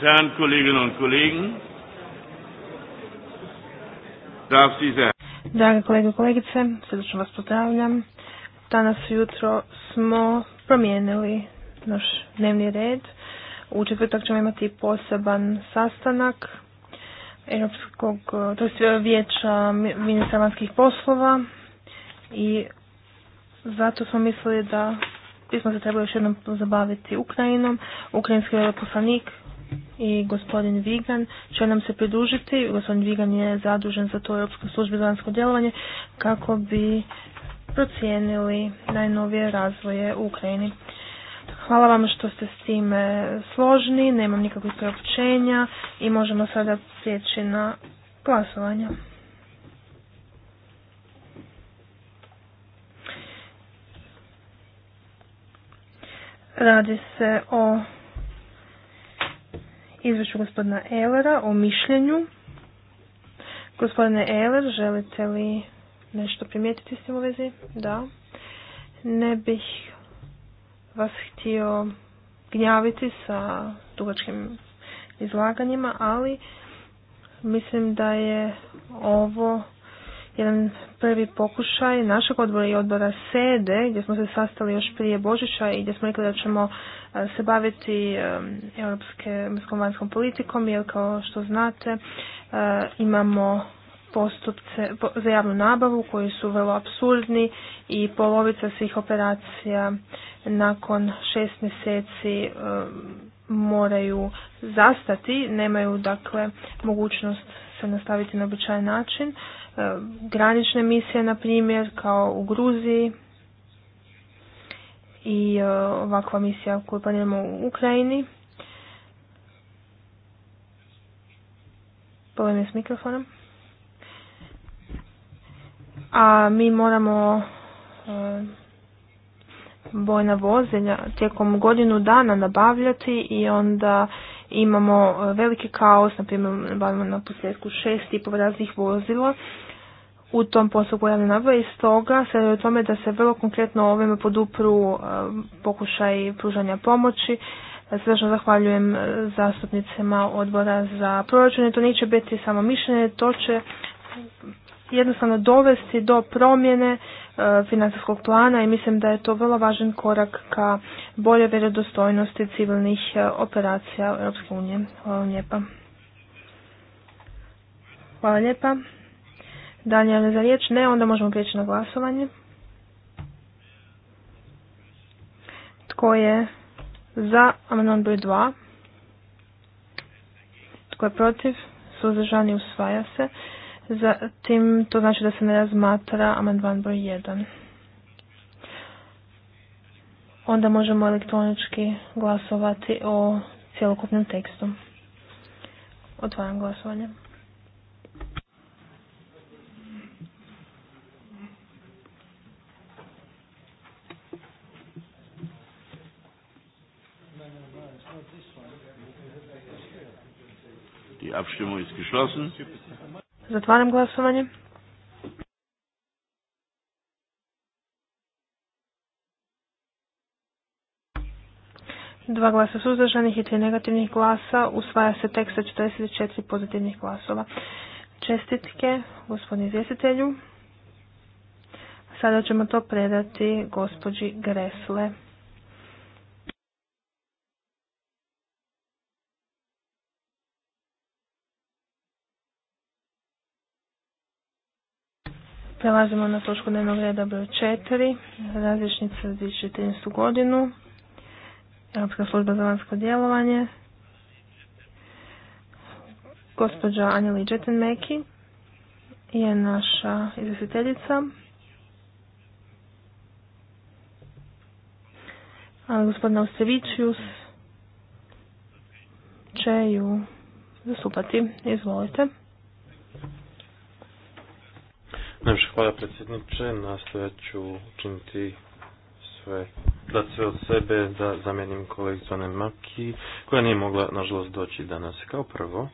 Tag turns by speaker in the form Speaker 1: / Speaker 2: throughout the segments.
Speaker 1: Herren Kolleginnen und Kollegen, darf Sie sehr.
Speaker 2: Drage kolege i kolegice, srdečno vas pozdravljam. Danas jutro smo promijenili naš dnevni red. U četvrtak ćemo imati poseban sastanak Europskog, to vijeća ministra vanjskih poslova i zato smo mislili da bismo se trebali još jednom zabaviti Ukrajinom. Ukrajinski veleposlanik i gospodin Vigan će nam se pridružiti. Gospodin Vigan je zadužen za to Europsko službe za vanjsko djelovanje kako bi procijenili najnovije razvoje u Ukrajini. Hvala vam što ste s time složni, nemam nikakvih preopćenja i možemo sada prijeći na glasovanje. Radi se o izvješću gospodina Elera o mišljenju. Gospodine Ehler, želite li nešto primijetiti s tim u vezi? Da. Ne bih vas htio gnjaviti sa dugačkim izlaganjima, ali mislim da je ovo jedan prvi pokušaj našeg odbora i odbora SEDE gdje smo se sastali još prije Božića i gdje smo rekli da ćemo e, se baviti e, europske vanjskom politikom jer kao što znate e, imamo postupce za javnu nabavu koji su vrlo absurdni i polovica svih operacija nakon šest mjeseci moraju zastati, nemaju dakle mogućnost se nastaviti na običajan način. E, granične misije, na primjer, kao u Gruziji i e, ovakva misija koju planiramo u Ukrajini. Problem je s mikrofonom. A mi moramo e, bojna vozenja tijekom godinu dana nabavljati i onda imamo veliki kaos, na primjer nabavljamo na posljedku šest tipova raznih vozila u tom postupku javne nabave i stoga se o tome da se vrlo konkretno ovime podupru e, pokušaj pružanja pomoći. Srdečno zahvaljujem e, zastupnicima odbora za proračun to neće biti samo mišljenje, to će jednostavno dovesti do promjene e, financijskog plana i mislim da je to vrlo važan korak ka bolje vjerodostojnosti civilnih operacija Europske unije. Hvala lijepa. Hvala lijepa. Dalje je za riječ? Ne, onda možemo prijeći na glasovanje. Tko je za amandman broj 2? Tko je protiv? Suzdržani usvaja se. Zatim to znači da se ne razmatra amandman broj 1. Onda možemo elektronički glasovati o cjelokupnom tekstu. Otvaram glasovanje. Zatvaram glasovanje. Dva glasa suzdržanih i tri negativnih glasa. Usvaja se tekst sa 44 pozitivnih glasova. Čestitke gospodinu izvjestitelju. Sada ćemo to predati gospođi Gresle. Prelazimo na točku dnevnog reda broj 4, različnica za 2014. godinu, Europska služba za vanjsko djelovanje, gospođa Anjeli Džetenmeki je naša izvjestiteljica. Ali gospodina Ostrevićius će ju zastupati. Izvolite.
Speaker 3: Najviše hvala predsjedniče, nastavit ću učiniti sve, da sve od sebe, da zamijenim kolegicu Ane Maki, koja nije mogla, nažalost, doći danas. Kao prvo,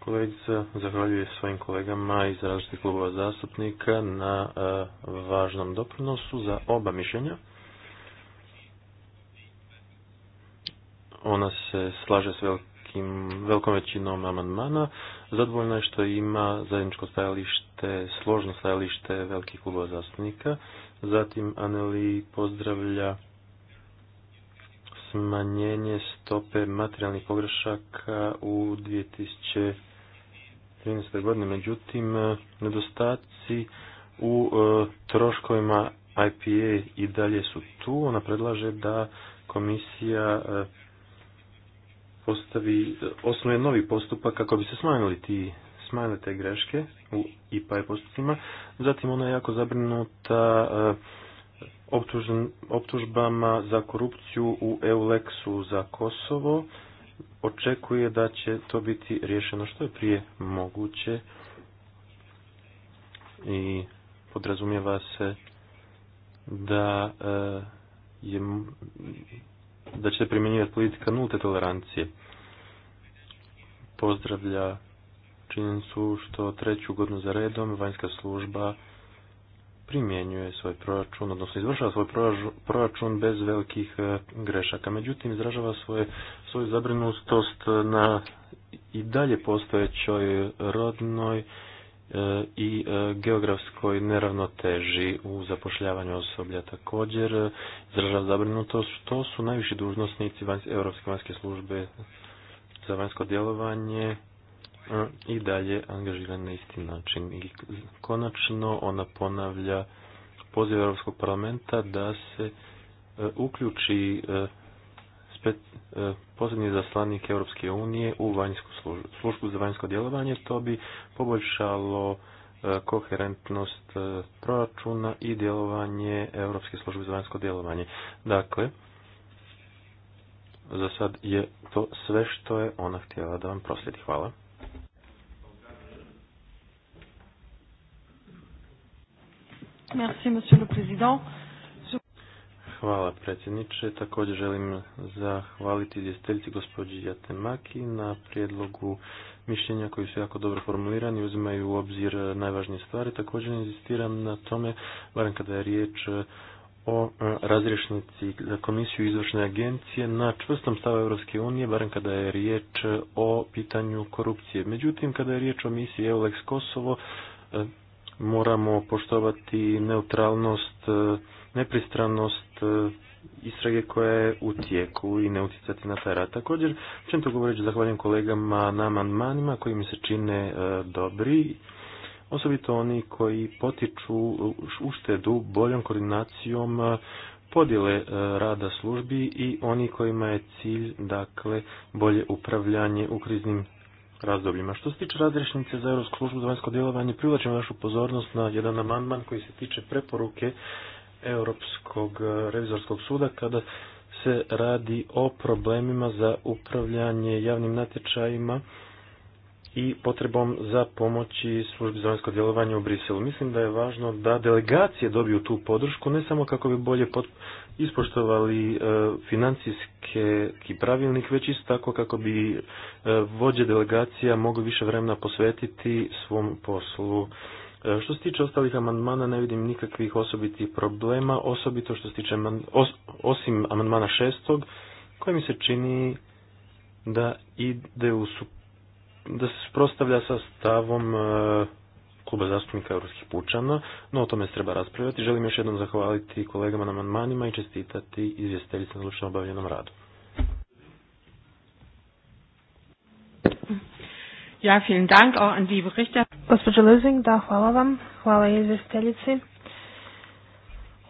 Speaker 3: kolegica zahvaljuje svojim kolegama iz različitih klubova zastupnika na e, važnom doprinosu za oba mišljenja. Ona se slaže s velikim, velikom većinom amandmana. Zadovoljno je što ima zajedničko stajalište, složno stajalište velikih klubova zastupnika. Zatim Aneli pozdravlja smanjenje stope materijalnih pogrešaka u 2013. godini. Međutim, nedostaci u e, troškovima IPA i dalje su tu. Ona predlaže da komisija e, postavi, osnuje novi postupak kako bi se smanjili ti smanjile te greške u IPA postupcima. Zatim ona je jako zabrinuta eh, optužbama za korupciju u EULEX-u za Kosovo. Očekuje da će to biti riješeno što je prije moguće i podrazumijeva se da eh, je da će primjenjivati politika nulte tolerancije. Pozdravlja činjenicu što treću godinu za redom vanjska služba primjenjuje svoj proračun, odnosno izvršava svoj proračun bez velikih e, grešaka. Međutim, izražava svoje, svoju zabrinutost na i dalje postojećoj rodnoj E, i e, geografskoj neravnoteži u zapošljavanju osoblja. Također, izražava zabrinutost što su najviši dužnosnici Europske vanjske službe za vanjsko djelovanje e, i dalje angažirani na isti način. I konačno ona ponavlja poziv Europskog parlamenta da se uključi E, posljednji zaslanik Europske unije u vanjsku službu, službu za vanjsko djelovanje, to bi poboljšalo e, koherentnost e, proračuna i djelovanje Europske službe za vanjsko djelovanje. Dakle, za sad je to sve što je ona htjela da vam proslijedi. Hvala.
Speaker 2: Merci, monsieur le président.
Speaker 3: Hvala predsjedniče. Također želim zahvaliti izvjestiteljici gospođi Jatemaki na prijedlogu mišljenja koji su jako dobro formulirani, uzimaju u obzir najvažnije stvari. Također insistiram na tome, barem kada je riječ o e, razrješnici za komisiju izvršne agencije na čvrstom stavu Europske unije, barem kada je riječ o pitanju korupcije. Međutim, kada je riječ o misiji EULEX Kosovo, e, moramo poštovati neutralnost, e, nepristranost E, istrage koje je u tijeku i ne utjecati na taj rad. Također, čim to govoreći, zahvaljujem kolegama na amandmanima koji mi se čine e, dobri, osobito oni koji potiču uštedu boljom koordinacijom e, podjele rada službi i oni kojima je cilj dakle bolje upravljanje u kriznim razdobljima. Što se tiče razrešnice za Europsku službu za vanjsko djelovanje, privlačim vašu pozornost na jedan amandman koji se tiče preporuke Europskog eh, revizorskog suda kada se radi o problemima za upravljanje javnim natječajima i potrebom za pomoći službi za vanjsko djelovanje u Briselu. Mislim da je važno da delegacije dobiju tu podršku, ne samo kako bi bolje ispoštovali eh, financijske i pravilnik, već isto tako kako bi eh, vođe delegacija mogli više vremena posvetiti svom poslu. E, što se tiče ostalih amandmana ne vidim nikakvih osobitih problema, osobito što se tiče osim amandmana šestog, koji mi se čini da ide u da se sprostavlja sa stavom e, kluba zastupnika europskih pučana, no o tome se treba raspravljati. Želim još jednom zahvaliti kolegama na amandmanima i čestitati izvjestiteljice na zlučno obavljenom radu.
Speaker 2: Ja, vielen Dank auch an die Berichter. Gospođo Lezing, da, hvala vam. Hvala izvjestiteljici.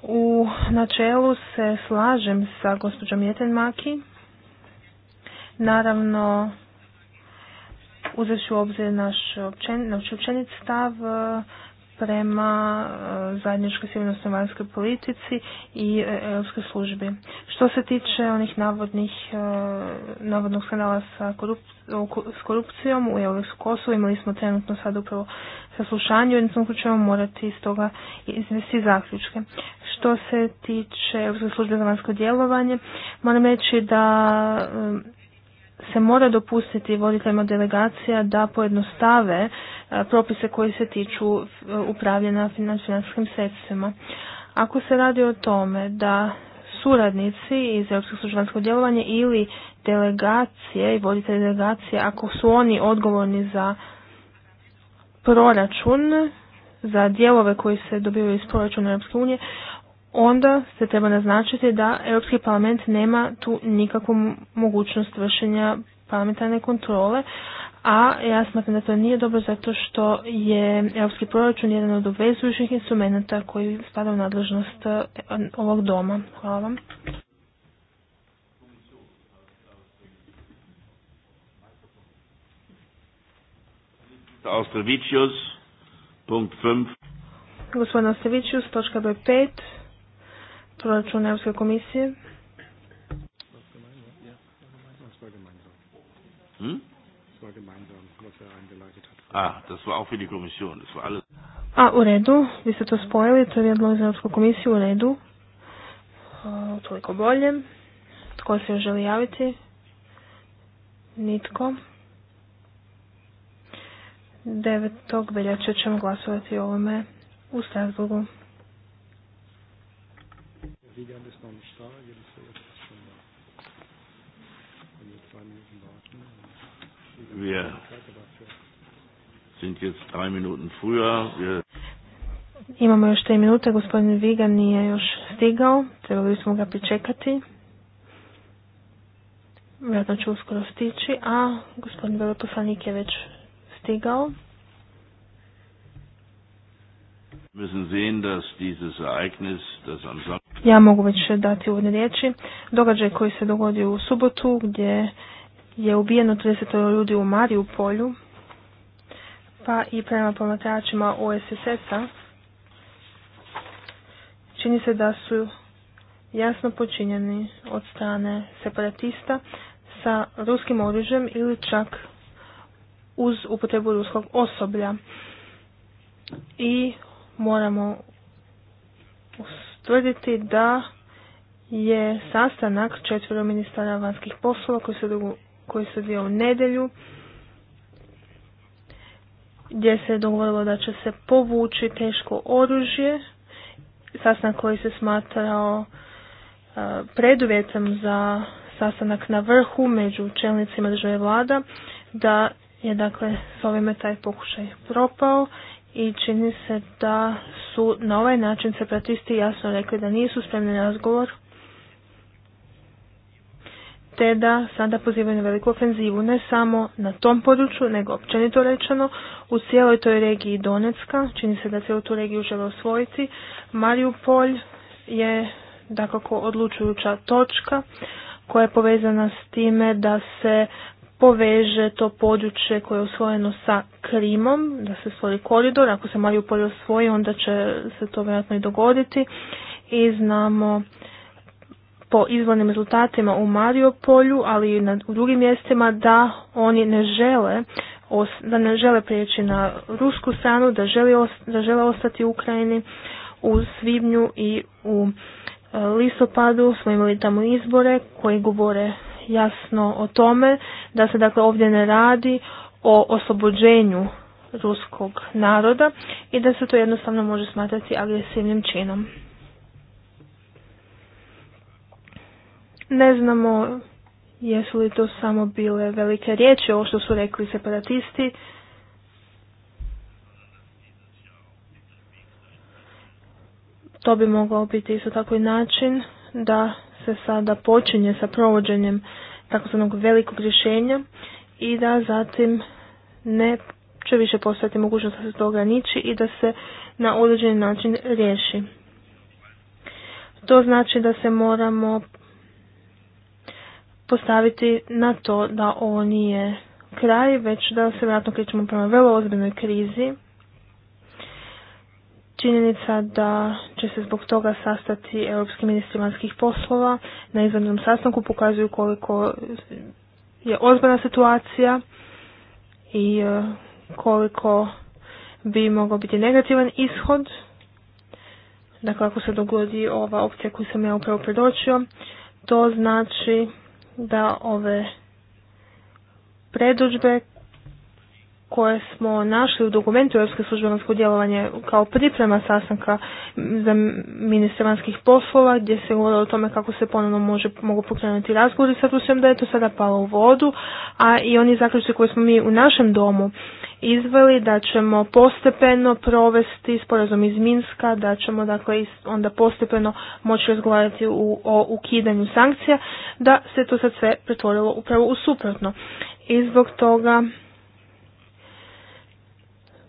Speaker 2: U načelu se slažem sa gospođom maki Naravno, uzet ću u obzir naš općenit stav prema e, zajedničkoj sigurnosnoj vanjskoj politici i e, europskoj službi. Što se tiče onih navodnih, e, navodnog skandala sa s korupcijom u Europsku Kosovo, imali smo trenutno sad upravo saslušanje, u jednom ćemo morati iz toga izvesti zaključke. Što se tiče Europske službe za vanjsko djelovanje, moram reći da se mora dopustiti voditeljima delegacija da pojednostave e, propise koji se tiču e, upravljena financijskim sredstvima. Ako se radi o tome da suradnici iz Europskog službanskog djelovanja ili delegacije i voditelji delegacije, ako su oni odgovorni za proračun, za dijelove koji se dobivaju iz proračuna Europske unije, onda se treba naznačiti da Europski parlament nema tu nikakvu mogućnost vršenja parlamentarne kontrole, a ja smatram da to nije dobro zato što je europski proračun jedan od obvezujućih instrumenta koji spada u nadležnost eh, ovog doma. Hvala vam.
Speaker 1: Austrovicius,
Speaker 2: Gospodin točka broj proračun Europske komisije? Hm? A, u redu, vi ste to spojili, to je jedno iz Europsku komisiju, u redu. toliko bolje. Tko se još želi javiti? Nitko. 9. veljače ćemo glasovati o ovome u Strasburgu.
Speaker 1: Seegang noch nicht da, schon da. wir Wir sind jetzt drei Minuten früher. Wir
Speaker 2: Imamo još tri minute, gospodin Vigan nije još stigao, trebali smo ga pričekati. Vjerojatno će uskoro stići, a gospodin veleposlanik je već stigao. Ja mogu već dati uvodne riječi. Događaj koji se dogodio u subotu gdje je ubijeno 30 ljudi u Mariju polju, pa i prema promatračima OSSS-a, čini se da su jasno počinjeni od strane separatista sa ruskim oružjem ili čak uz upotrebu ruskog osoblja i moramo ustvrditi da je sastanak četvero ministara vanjskih poslova koji se, dio u nedelju gdje se je dogovorilo da će se povući teško oružje, sastanak koji se smatrao e, preduvjetom za sastanak na vrhu među čelnicima države vlada, da je dakle s ovime taj pokušaj propao i čini se da su na ovaj način separatisti jasno rekli da nisu spremni na razgovor te da sada pozivaju na veliku ofenzivu ne samo na tom području, nego općenito rečeno u cijeloj toj regiji Donetska, čini se da cijelu tu regiju žele osvojiti, Marijupolj je dakako odlučujuća točka koja je povezana s time da se poveže to područje koje je osvojeno sa Krimom, da se stvori koridor. Ako se Mariupol osvoji, onda će se to vjerojatno i dogoditi. I znamo po izvornim rezultatima u Mariupolju, ali i na, u drugim mjestima, da oni ne žele da ne žele prijeći na rusku stranu, da, želi da žele ostati u Ukrajini u svibnju i u e, listopadu smo imali tamo izbore koji govore jasno o tome da se dakle ovdje ne radi o oslobođenju ruskog naroda i da se to jednostavno može smatrati agresivnim činom. Ne znamo jesu li to samo bile velike riječi, ovo što su rekli separatisti. To bi moglo biti isto tako i način da se sada počinje sa provođenjem takozvanog velikog rješenja i da zatim ne će više postojati mogućnost da se to ograniči i da se na određeni način riješi. To znači da se moramo postaviti na to da ovo nije kraj, već da se vjerojatno krećemo prema vrlo ozbiljnoj krizi činjenica da će se zbog toga sastati europski ministri vanjskih poslova na izvanrednom sastanku pokazuju koliko je ozbiljna situacija i e, koliko bi mogao biti negativan ishod. Dakle, ako se dogodi ova opcija koju sam ja upravo predočio, to znači da ove predužbe koje smo našli u dokumentu Europske službe vanjsko djelovanje kao priprema sastanka za ministra vanjskih poslova gdje se govorilo o tome kako se ponovno može, mogu pokrenuti razgovori sa Rusijom, da je to sada palo u vodu, a i oni zaključci koje smo mi u našem domu izveli da ćemo postepeno provesti sporazum iz Minska, da ćemo dakle onda postepeno moći razgovarati u, o ukidanju sankcija, da se to sad sve pretvorilo upravo u suprotno. I zbog toga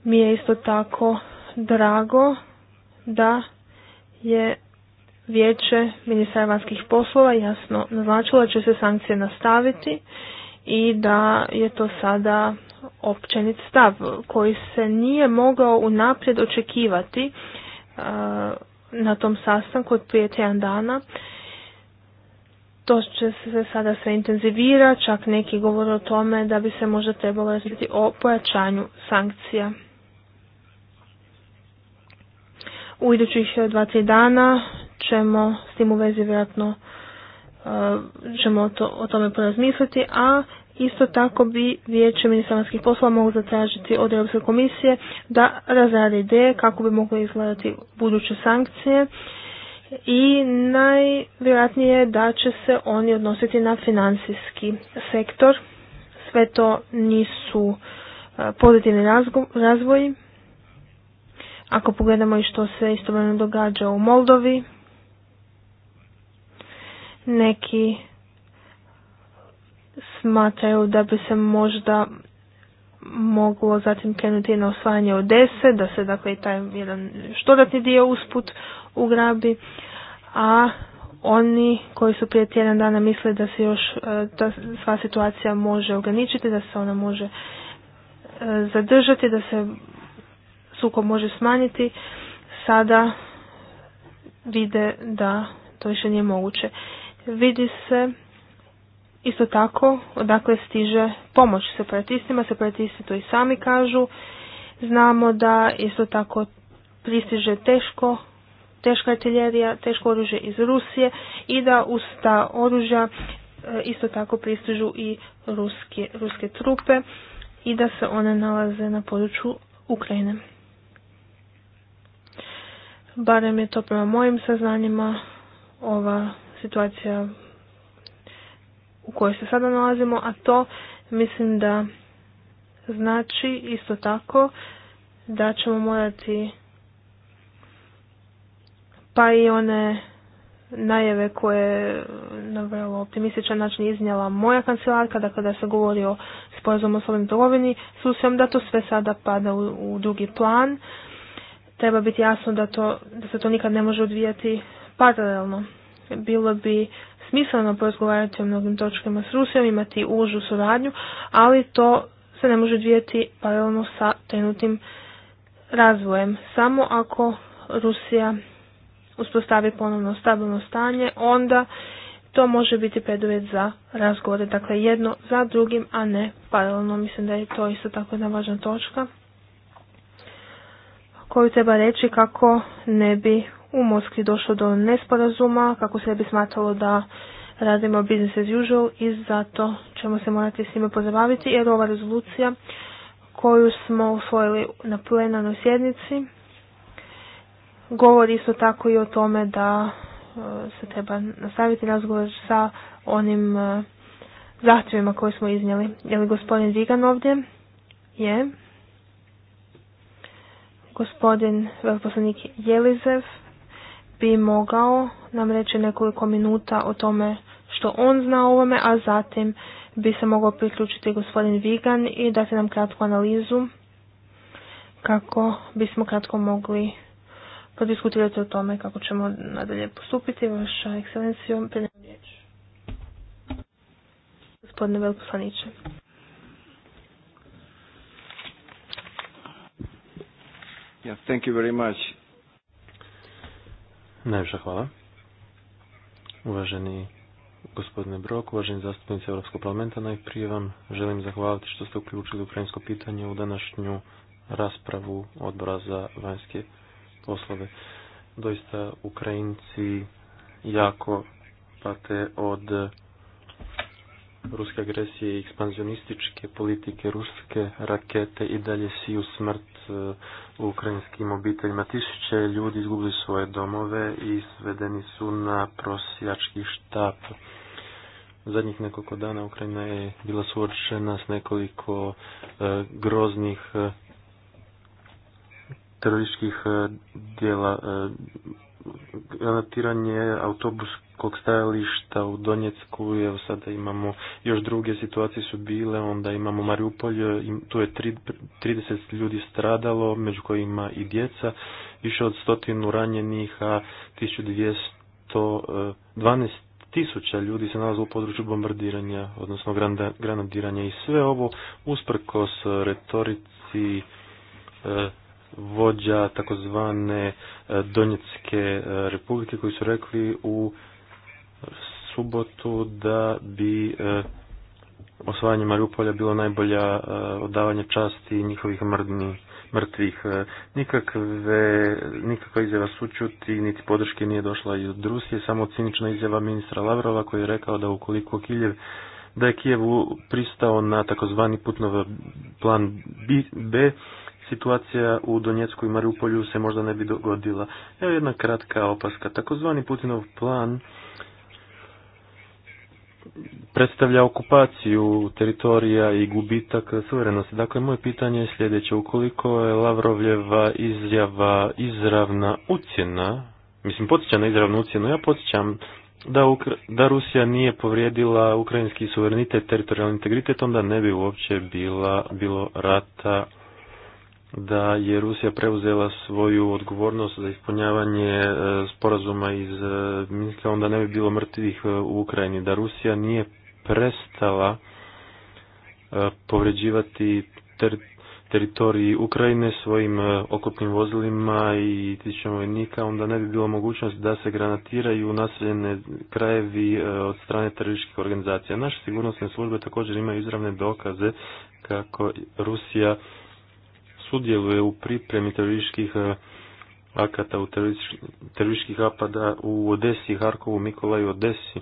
Speaker 2: mi je isto tako drago da je vijeće ministra vanjskih poslova jasno naznačilo da će se sankcije nastaviti i da je to sada općenit stav koji se nije mogao unaprijed očekivati e, na tom sastanku od prije tjedan dana. To će se sada sve intenzivira, čak neki govore o tome da bi se možda trebalo razmisliti o pojačanju sankcija. U idućih 20 eh, dana ćemo s tim u vezi vjerojatno eh, ćemo to, o tome porazmisliti, a isto tako bi vijeće ministarskih poslova mogu zatražiti od Europske komisije da razrade ideje kako bi mogle izgledati buduće sankcije i najvjerojatnije da će se oni odnositi na financijski sektor. Sve to nisu eh, pozitivni razvoj. Ako pogledamo i što se istovremeno događa u Moldovi, neki smatraju da bi se možda moglo zatim krenuti na osvajanje Odese, da se dakle i taj jedan štodatni dio usput ugrabi, a oni koji su prije tjedan dana misle da se još e, ta sva situacija može ograničiti, da se ona može e, zadržati, da se suko može smanjiti, sada vide da to više nije moguće. Vidi se isto tako odakle stiže pomoć separatistima, separatisti to i sami kažu. Znamo da isto tako pristiže teško, teška artiljerija, teško oružje iz Rusije i da uz ta oružja e, isto tako pristižu i ruske, ruske trupe i da se one nalaze na području Ukrajine barem je to prema mojim saznanjima ova situacija u kojoj se sada nalazimo, a to mislim da znači isto tako da ćemo morati pa i one najave koje na vrlo optimističan način iznijela moja kancelarka, da dakle, kada se govori o sporazumu o slobodnoj trgovini, susrem da to sve sada pada u, u drugi plan, treba biti jasno da, to, da se to nikad ne može odvijati paralelno. Bilo bi smisleno porazgovarati o mnogim točkama s Rusijom, imati užu suradnju, ali to se ne može odvijati paralelno sa trenutnim razvojem. Samo ako Rusija uspostavi ponovno stabilno stanje, onda to može biti preduvjet za razgovore. Dakle, jedno za drugim, a ne paralelno. Mislim da je to isto tako jedna važna točka koju treba reći kako ne bi u Moskvi došlo do nesporazuma, kako se ne bi smatralo da radimo business as usual i zato ćemo se morati s njima pozabaviti jer ova rezolucija koju smo usvojili na plenarnoj sjednici govori isto tako i o tome da e, se treba nastaviti razgovor sa onim e, zahtjevima koje smo iznijeli. Je li gospodin Vigan ovdje? Je. Gospodin veleposlanik Jelizev bi mogao nam reći nekoliko minuta o tome što on zna o ovome, a zatim bi se mogao priključiti gospodin Vigan i dati nam kratku analizu kako bismo kratko mogli podiskutirati o tome kako ćemo nadalje postupiti. Vaša ekscelencija, prijatelj riječ. Gospodine veliposlaniče.
Speaker 1: Yeah, thank you very much.
Speaker 3: Najviše hvala. Uvaženi gospodine Brok, uvaženi zastupnici Europskog parlamenta, najprije vam želim zahvaliti što ste uključili ukrajinsko pitanje u današnju raspravu odbora za vanjske poslove. Doista Ukrajinci jako pate od ruske agresije i ekspanzionističke politike ruske rakete i dalje siju smrt e, u ukrajinskim obiteljima. Tisuće ljudi izgubili svoje domove i svedeni su na prosjački štap. Zadnjih nekoliko dana Ukrajina je bila suočena s nekoliko e, groznih e, terorističkih dijela granatiranje autobuskog stajališta u Donjecku, evo sada imamo još druge situacije su bile, onda imamo Mariupolje, tu je 30 ljudi stradalo, među kojima i djeca, više od stotinu ranjenih, a 1212 e, tisuća ljudi se nalazilo u području bombardiranja, odnosno granadiranja i sve ovo usprkos retorici e, vođa takozvane e, donječke e, republike koji su rekli u subotu da bi e, osvajanje Mariupolja bilo najbolja odavanje časti njihovih mrdni, mrtvih. Nikakve, nikakva izjava sučuti niti podrške nije došla i Rusije, samo cinična izjava ministra Lavrova koji je rekao da ukoliko Kiljev da je Kijev pristao na takozvani putnov plan B, situacija u Donjecku i Mariupolju se možda ne bi dogodila. Evo jedna kratka opaska. Takozvani Putinov plan predstavlja okupaciju teritorija i gubitak suverenosti. Dakle, moje pitanje je sljedeće. Ukoliko je Lavrovljeva izjava izravna ucjena, mislim, podsjeća na izravnu ucjenu, ja podsjećam da, da Rusija nije povrijedila ukrajinski suverenitet, teritorijalni integritet, onda ne bi uopće bila, bilo rata da je Rusija preuzela svoju odgovornost za ispunjavanje e, sporazuma iz e, Minska, onda ne bi bilo mrtvih e, u Ukrajini. Da Rusija nije prestala povređivati ter teritoriji Ukrajine svojim okupnim vozilima i tisućama vojnika, onda ne bi bilo mogućnost da se granatiraju naseljene krajevi od strane terorističkih organizacija. Naše sigurnosne službe također imaju izravne dokaze kako Rusija sudjeluje u pripremi terorističkih e, akata u terorističkih apada u Odesi, Harkovu, Mikolaju, Odesi.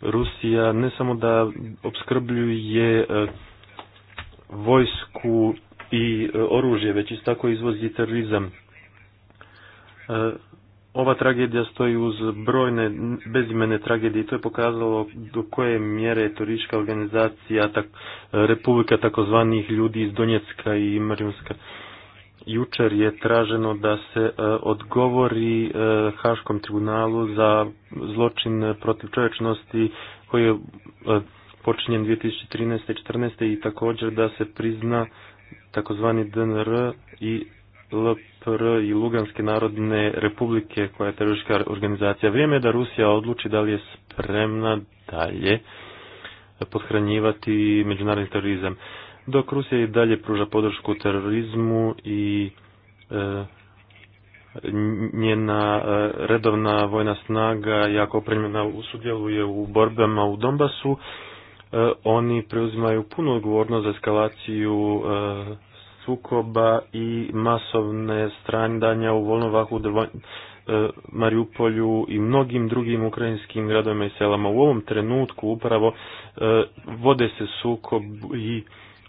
Speaker 3: Rusija ne samo da obskrbljuje vojsku i e, oružje, već i tako izvozi terorizam. E, ova tragedija stoji uz brojne bezimene tragedije i to je pokazalo do koje mjere je turistička organizacija tak, Republika takozvanih ljudi iz Donjecka i Marijunska. Jučer je traženo da se e, odgovori e, Haškom tribunalu za zločin protiv čovječnosti koji je e, počinjen 2013. i 2014. i također da se prizna takozvani DNR i LP i i narodne republike koja je teroristička organizacija. Vrijeme je da Rusija odluči da li je spremna dalje podhranjivati međunarodni terorizam. Dok Rusija i dalje pruža podršku terorizmu i e, njena e, redovna vojna snaga jako opremljena sudjeluje u borbama u Donbasu, e, oni preuzimaju punu odgovornost za eskalaciju sukoba i masovne strandanja u Volnovahu, e, Marijupolju i mnogim drugim ukrajinskim gradovima i selama. U ovom trenutku upravo e, vode se sukob i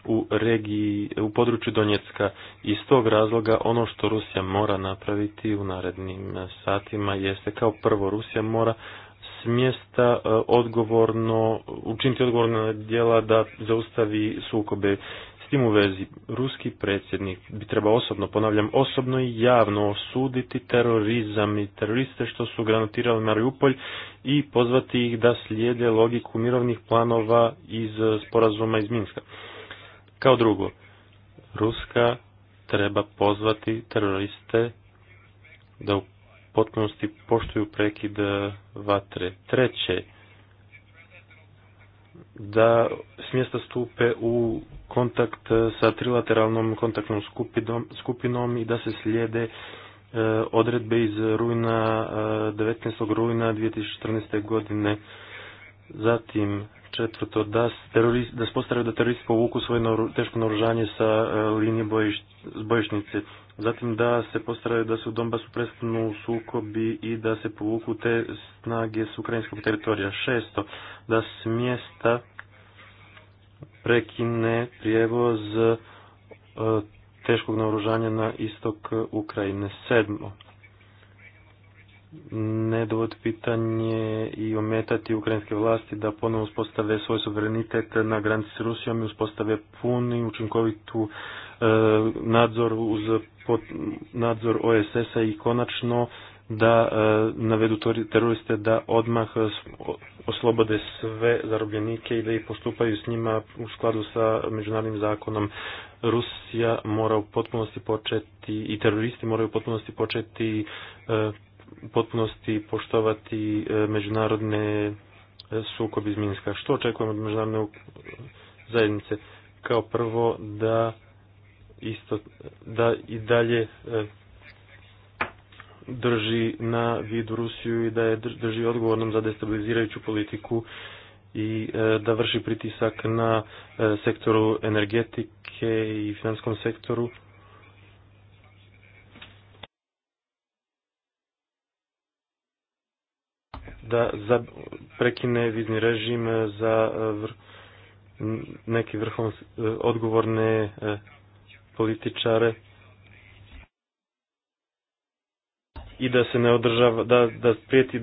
Speaker 3: u regiji, u području Donjecka. Iz tog razloga ono što Rusija mora napraviti u narednim satima jeste kao prvo Rusija mora s mjesta e, odgovorno, učiniti odgovorna djela da zaustavi sukobe tim u vezi, ruski predsjednik bi trebao osobno, ponavljam, osobno i javno osuditi terorizam i teroriste što su granatirali Mariupolj i pozvati ih da slijede logiku mirovnih planova iz sporazuma iz Minska. Kao drugo, Ruska treba pozvati teroriste da u potpunosti poštuju prekid vatre. Treće, da s mjesta stupe u kontakt sa trilateralnom kontaktnom skupinom, skupinom i da se slijede e, odredbe iz rujna, e, 19. rujna 2014. godine. Zatim četvrto, da, terorist, da se da teroristi povuku svoje teško naoružanje sa e, linije bojiš, bojišnice. Zatim da se postaraju da se u Donbasu prestanu sukobi i da se povuku te snage s ukrajinskog teritorija. Šesto, da mjesta prekine prijevoz e, teškog naoružanja na istok Ukrajine. Sedmo, ne dovod pitanje i ometati ukrajinske vlasti da ponovno uspostave svoj suverenitet na granici s Rusijom i uspostave puni učinkovitu e, nadzor uz nadzor OSS-a i konačno da e, navedu teroriste da odmah oslobode sve zarobljenike i da ih postupaju s njima u skladu sa međunarodnim zakonom. Rusija mora u potpunosti početi i teroristi moraju u potpunosti početi u e, potpunosti poštovati e, međunarodne sukob iz Minska. Što očekujemo od međunarodne zajednice? Kao prvo da isto da i dalje drži na vidu Rusiju i da je drži odgovornom za destabilizirajuću politiku i e, da vrši pritisak na e, sektoru energetike i finanskom sektoru. da za, prekine vizni režim e, za vr, neki vrhovno odgovorne političare i da se ne održava, da, da prijeti e,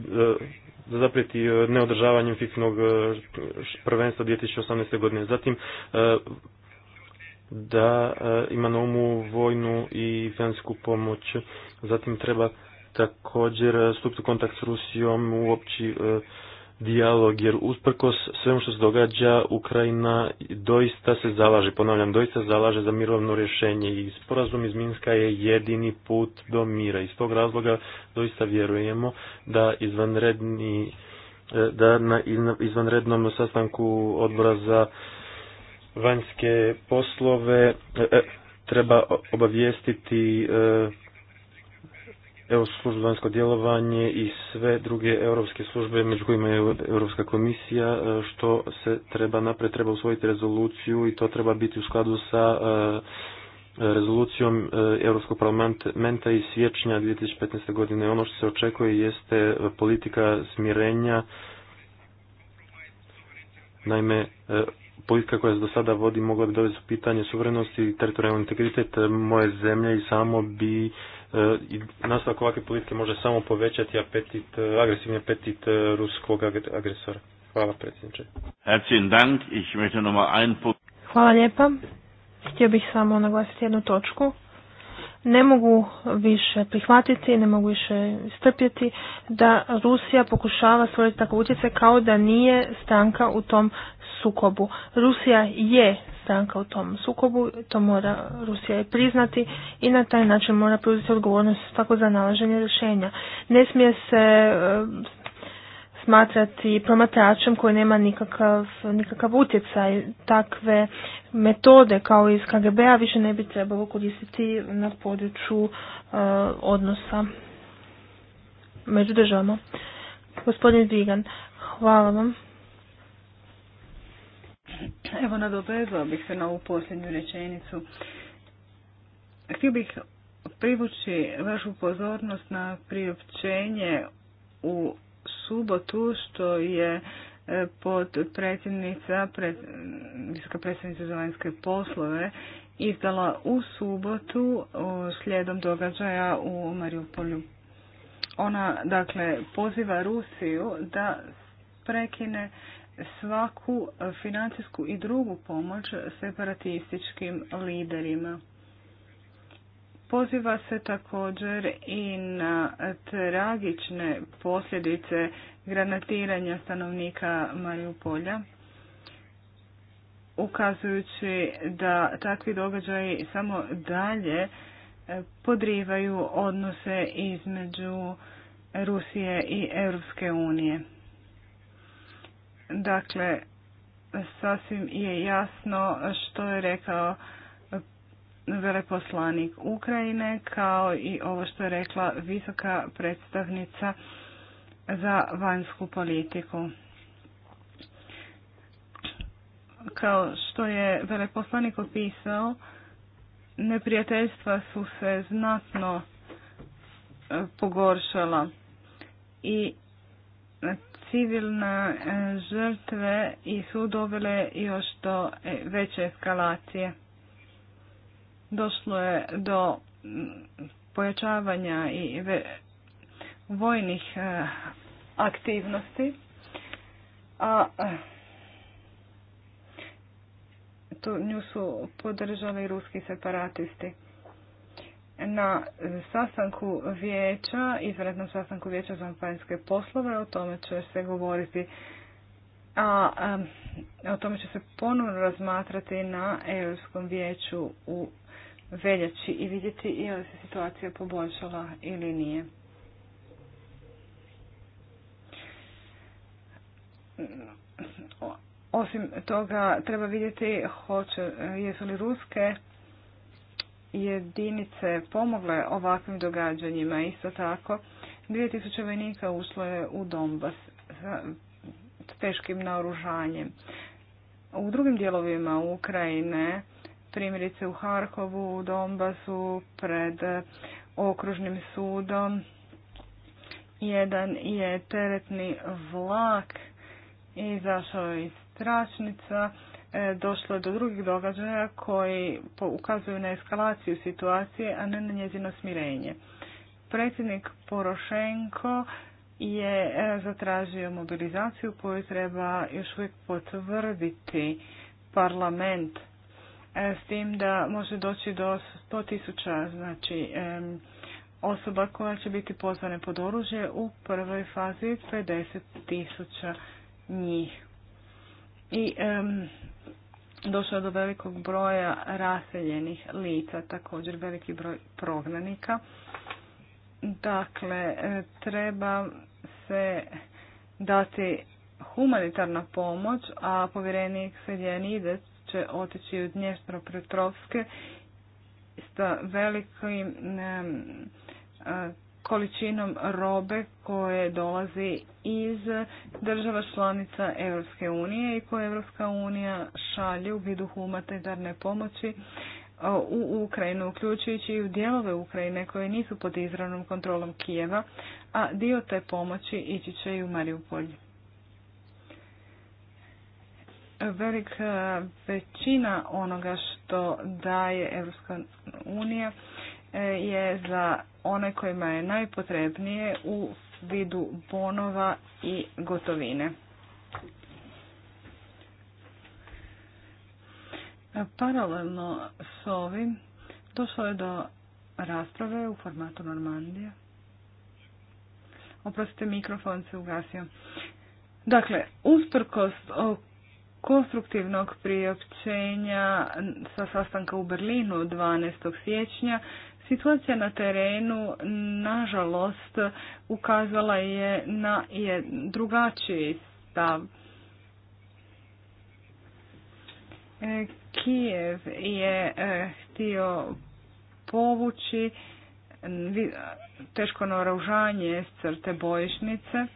Speaker 3: da zaprijeti e, neodržavanjem fiktivnog e, prvenstva 2018. godine. Zatim, da ima na umu vojnu i financijsku pomoć. Zatim treba također stupiti kontakt s Rusijom u dijalog, jer usprkos svemu što se događa, Ukrajina doista se zalaže, ponavljam, doista zalaže za mirovno rješenje i sporazum iz Minska je jedini put do mira. Iz tog razloga doista vjerujemo da izvanredni e, da na izvanrednom sastanku odbora za vanjske poslove e, e, treba obavijestiti Europsku službu vanjsko djelovanje i sve druge europske službe, među kojima je Europska komisija, e, što se treba napred, treba usvojiti rezoluciju i to treba biti u skladu sa e, rezolucijom e, Europskog parlamenta iz siječnja 2015. godine. Ono što se očekuje jeste politika smirenja, naime, politika koja se do sada vodi mogla bi dovesti u pitanje suverenosti i teritorijalni integritet moje zemlje i samo bi E, i nastavak ovakve politike može samo povećati apetit, e, agresivni apetit e, ruskog agresora. Hvala predsjedniče.
Speaker 2: Hvala lijepa. Htio bih samo naglasiti jednu točku. Ne mogu više prihvatiti, ne mogu više strpjeti da Rusija pokušava svoje tako utjece kao da nije stranka u tom sukobu. Rusija je stranka u tom sukobu, to mora Rusija je priznati i na taj način mora preuzeti odgovornost tako za nalaženje rješenja. Ne smije se e, smatrati promatračem koji nema nikakav, nikakav utjecaj. Takve metode kao iz KGB-a više ne bi trebalo koristiti na području e, odnosa među državama. Gospodin Digan, hvala vam.
Speaker 4: Evo, nadovezala bih se na ovu posljednju rečenicu. Htio bih privući vašu pozornost na priopćenje u subotu što je e, pod predsjednica, pred, visoka predsjednica za vanjske poslove izdala u subotu e, slijedom događaja u Mariupolju. Ona, dakle, poziva Rusiju da prekine svaku financijsku i drugu pomoć separatističkim liderima. Poziva se također i na tragične posljedice granatiranja stanovnika Marijupolja, ukazujući da takvi događaji samo dalje podrivaju odnose između Rusije i Europske unije. Dakle, sasvim je jasno što je rekao veleposlanik Ukrajine kao i ovo što je rekla visoka predstavnica za vanjsku politiku. Kao što je veleposlanik opisao, neprijateljstva su se znatno e, pogoršala i E, civilne e, žrtve i su dobile još do e, veće eskalacije. Došlo je do pojačavanja i vojnih aktivnosti, a tu nju su podržali ruski separatisti na sastanku vijeća, izvanrednom sastanku vijeća za vanjske poslove, o tome će se govoriti a, o tome će se ponovno razmatrati na Europskom vijeću u veljači i vidjeti je li se situacija poboljšala ili nije. Osim toga treba vidjeti hoće, jesu li ruske jedinice pomogle ovakvim događanjima. Isto tako, 2000 vojnika ušlo je u Donbas s teškim naoružanjem. U drugim dijelovima Ukrajine, primjerice u Harkovu, u Donbasu, pred eh, okružnim sudom, jedan je teretni vlak izašao iz tračnica E, došlo je do drugih događaja koji ukazuju na eskalaciju situacije, a ne na njezino smirenje. Predsjednik Porošenko je e, zatražio mobilizaciju koju treba još uvijek potvrditi parlament e, s tim da može doći do 100.000 znači, osoba koja će biti pozvane pod oružje u prvoj fazi tisuća njih. I došlo do velikog broja raseljenih lica, također veliki broj prognanika. Dakle, treba se dati humanitarna pomoć, a povjerenik ide će otići u Dnjestro Petrovske sa velikim količinom robe koje dolazi iz država članica Europske unije i koje Europska unija šalje u vidu humanitarne pomoći u Ukrajinu, uključujući i u dijelove Ukrajine koje nisu pod izravnom kontrolom Kijeva, a dio te pomoći ići će i u Mariupolj. Velika e, većina onoga što daje Europska unija E, je za one kojima je najpotrebnije u vidu bonova i gotovine. E, paralelno s ovim došlo je do rasprave u formatu Normandija. Oprostite, mikrofon se ugasio. Dakle, usprkos konstruktivnog priopćenja sa sastanka u Berlinu 12. siječnja Situacija na terenu, nažalost, ukazala je na je drugačiji stav. E, Kijev je e, htio povući teško naoružanje s crte bojišnice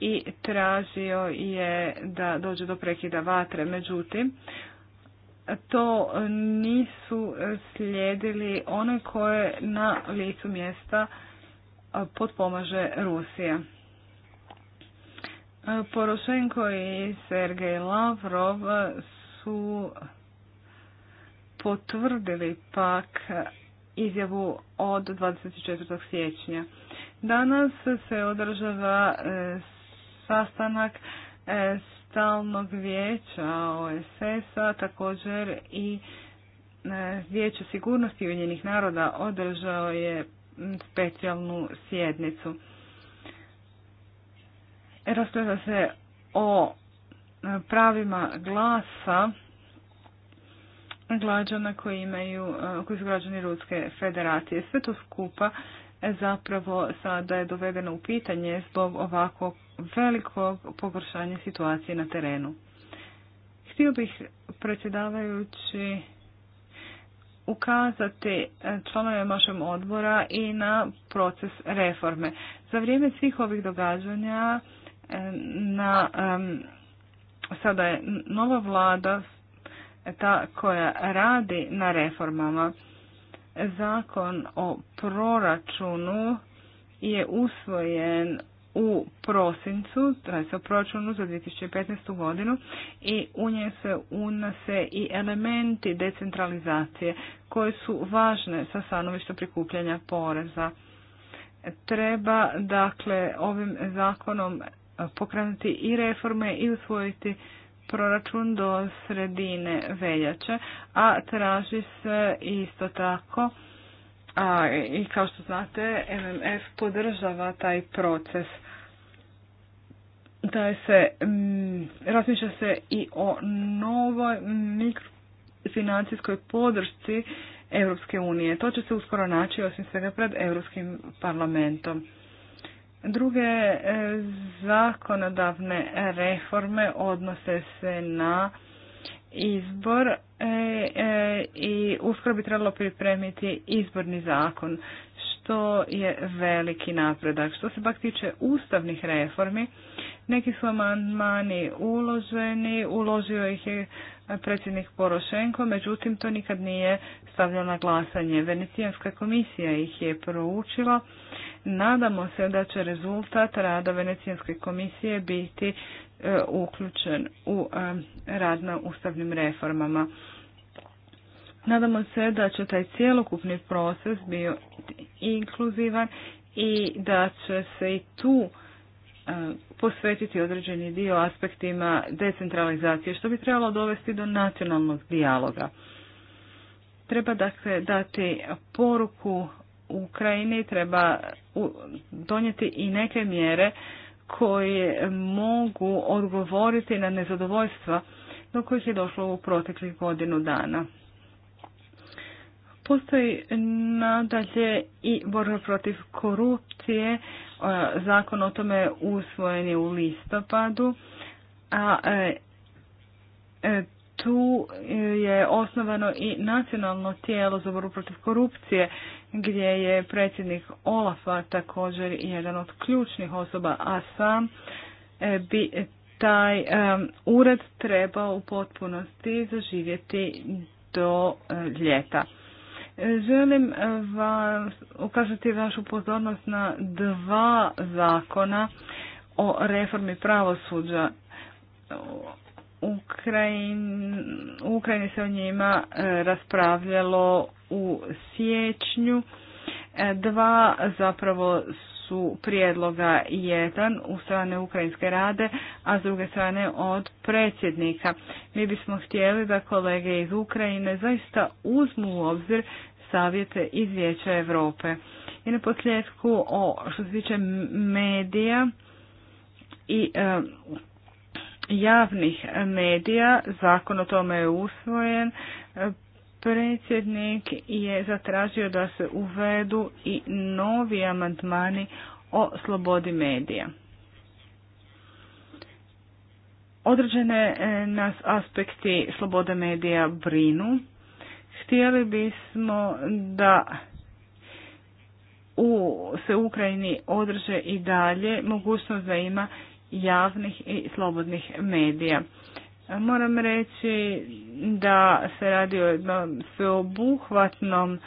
Speaker 4: i tražio je da dođe do prekida vatre. Međutim, to nisu slijedili one koje na licu mjesta e, potpomaže Rusija. E, Porošenko i Sergej Lavrov su potvrdili pak izjavu od 24. siječnja. Danas se održava e, sastanak stalnog vijeća OSS-a, također i e, Vijeće sigurnosti Ujedinjenih naroda održao je specijalnu sjednicu. Raspravlja se o e, pravima glasa građana koji imaju, e, koji su građani Ruske federacije. Sve to skupa zapravo sada je dovedeno u pitanje zbog ovakvog velikog pogoršanja situacije na terenu. Htio bih predsjedavajući ukazati e, članovima našeg odbora i na proces reforme. Za vrijeme svih ovih događanja e, na, sada je nova vlada ta koja radi na reformama. Zakon o proračunu je usvojen u prosincu, radi se o proračunu za 2015. godinu i u nje se unose i elementi decentralizacije koje su važne sa stanovišta prikupljanja poreza. Treba dakle ovim zakonom pokrenuti i reforme i usvojiti proračun do sredine veljače, a traži se isto tako a, i kao što znate MMF podržava taj proces da se razmišlja se i o novoj mikrofinancijskoj podršci Europske unije. To će se uskoro naći osim svega pred Europskim parlamentom. Druge e, zakonodavne reforme odnose se na izbor e, e, i uskoro bi trebalo pripremiti izborni zakon, što je veliki napredak. Što se pak tiče ustavnih reformi, neki su amandmani uloženi, uložio ih je predsjednik Porošenko, međutim to nikad nije stavljeno na glasanje. Venecijanska komisija ih je proučila. Nadamo se da će rezultat rada Venecijanske komisije biti e, uključen u e, rad na ustavnim reformama. Nadamo se da će taj cjelokupni proces bio inkluzivan i da će se i tu E, posvetiti određeni dio aspektima decentralizacije, što bi trebalo dovesti do nacionalnog dijaloga. Treba dakle dati poruku Ukrajini, treba donijeti i neke mjere koje mogu odgovoriti na nezadovoljstva do kojih je došlo u proteklih godinu dana. Postoji nadalje i borba protiv korupcije, Zakon o tome usvojen je u listopadu, a e, e, tu je osnovano i nacionalno tijelo za borbu protiv korupcije gdje je predsjednik Olafa također jedan od ključnih osoba, a sam e, bi taj ured trebao u potpunosti zaživjeti do ljeta. Želim eh, vam ukazati vašu pozornost na dva zakona o reformi pravosuđa. u Ukrajini se o njima eh, raspravljalo u siječnju. Eh, dva zapravo su prijedloga jedan u strane ukrajinske rade, a s druge strane od predsjednika. Mi bismo htjeli da kolege iz Ukrajine zaista uzmu u obzir savjete iz Vijeća Europe. I na posljedku o što se tiče medija i e, javnih medija, zakon o tome je usvojen, Predsjednik je zatražio da se uvedu i novi amandmani o slobodi medija. Određene e, nas aspekti slobode medija brinu. Htjeli bismo da u, se Ukrajini održe i dalje mogućnost da ima javnih i slobodnih medija. Moram reći da se radi o jednom sveobuhvatnom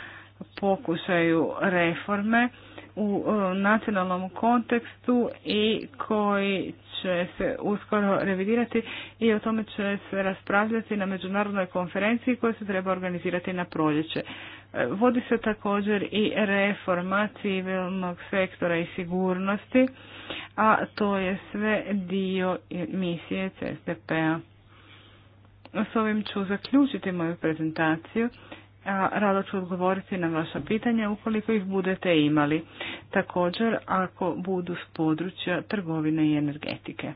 Speaker 4: pokušaju reforme u e, nacionalnom kontekstu i koji će se uskoro revidirati i o tome će se raspravljati na međunarodnoj konferenciji koja se treba organizirati na proljeće. E, vodi se također i reforma civilnog sektora i sigurnosti, a to je sve dio misije CSDP-a. S ovim ću zaključiti moju prezentaciju. A rado ću odgovoriti na vaša pitanja ukoliko ih budete imali. Također ako budu s područja trgovine i energetike.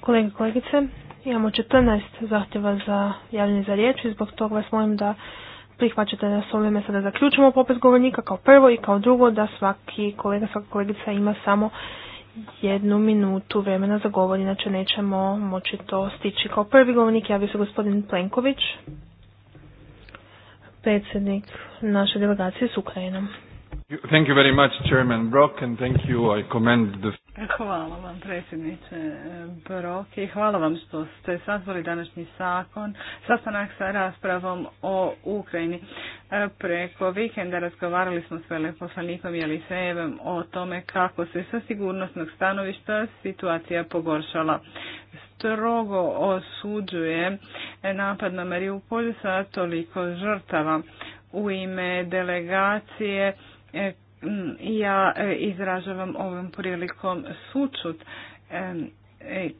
Speaker 2: Kolege kolegice, imamo 14 zahtjeva za javljanje za riječ i zbog toga vas molim da prihvaćate da s ovime sada zaključimo popis govornika kao prvo i kao drugo da svaki kolega, svaka kolegica ima samo jednu minutu vremena za govor, inače nećemo moći to stići. Kao prvi govornik javio se gospodin Plenković, predsjednik naše delegacije
Speaker 4: s Ukrajinom.
Speaker 1: Thank you very much, Chairman and thank you. I commend the...
Speaker 4: Hvala vam, predsjedniče eh, Brock, i hvala vam što ste sazvali današnji sakon, sastanak sa raspravom o Ukrajini. Eh, preko vikenda razgovarali smo s veleposlanikom Jelisejevem o tome kako se sa sigurnosnog stanovišta situacija pogoršala. Strogo osuđuje napad na Mariupolju sa toliko žrtava. U ime delegacije E, ja e, izražavam ovom prilikom sučut e,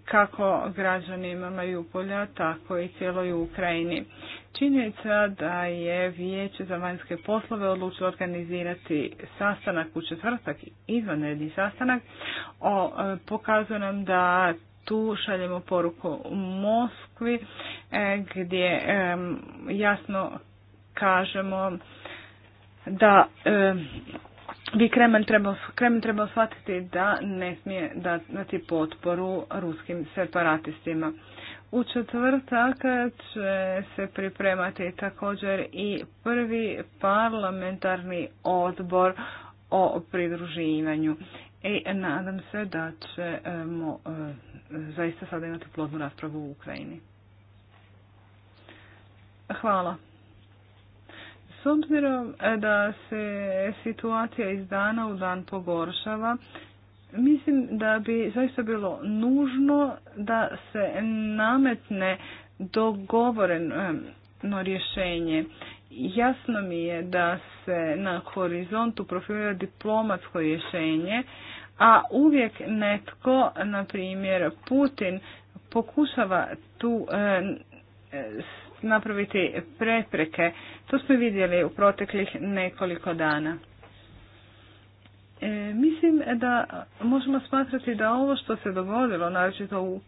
Speaker 4: kako građani građanima polja tako i cijeloj Ukrajini. Činjenica da je Vijeće za vanjske poslove odlučilo organizirati sastanak u četvrtak, izvanredni sastanak, pokazuje nam da tu šaljemo poruku Moskvi gdje jasno kažemo da e, bi Kreml trebao, Kreml trebao shvatiti da ne smije dati potporu ruskim separatistima. U četvrtak će se pripremati također i prvi parlamentarni odbor o pridruživanju. I e, nadam se da ćemo e, zaista sada imati plodnu raspravu u Ukrajini. Hvala. S obzirom e, da se situacija iz dana u dan pogoršava, mislim da bi zaista bilo nužno da se nametne dogovoreno rješenje. Jasno mi je da se na horizontu profilira diplomatsko rješenje, a uvijek netko, na primjer Putin, pokušava tu e, napraviti prepreke. To smo vidjeli u proteklih nekoliko dana. E, mislim da možemo smatrati da ovo što se dogodilo, naročito u,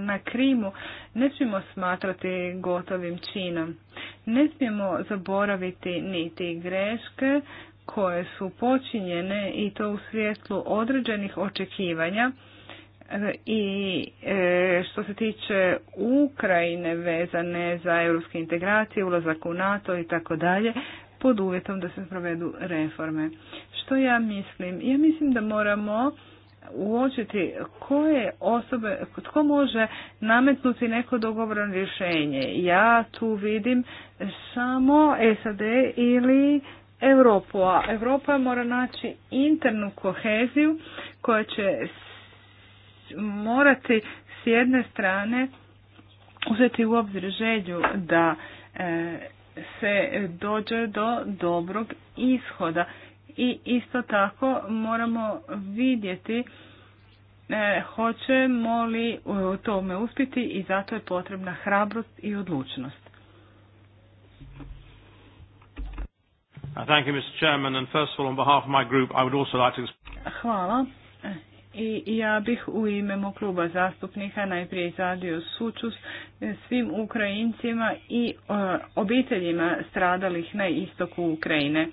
Speaker 4: na Krimu, ne smatrati gotovim činom. Ne smijemo zaboraviti niti greške koje su počinjene i to u svjetlu određenih očekivanja i e, što se tiče Ukrajine vezane za europske integracije, ulazak u NATO i tako dalje, pod uvjetom da se provedu reforme. Što ja mislim? Ja mislim da moramo uočiti koje osobe, tko može nametnuti neko dogovorno rješenje. Ja tu vidim samo SAD ili Europu, a Europa mora naći internu koheziju koja će morati s jedne strane uzeti u obzir želju da e, se dođe do dobrog ishoda i isto tako moramo vidjeti e, hoćemo li u tome uspjeti i zato je potrebna hrabrost i odlučnost. Hvala i ja bih u ime kluba zastupnika najprije izradio sučus svim Ukrajincima i e, obiteljima stradalih na istoku Ukrajine.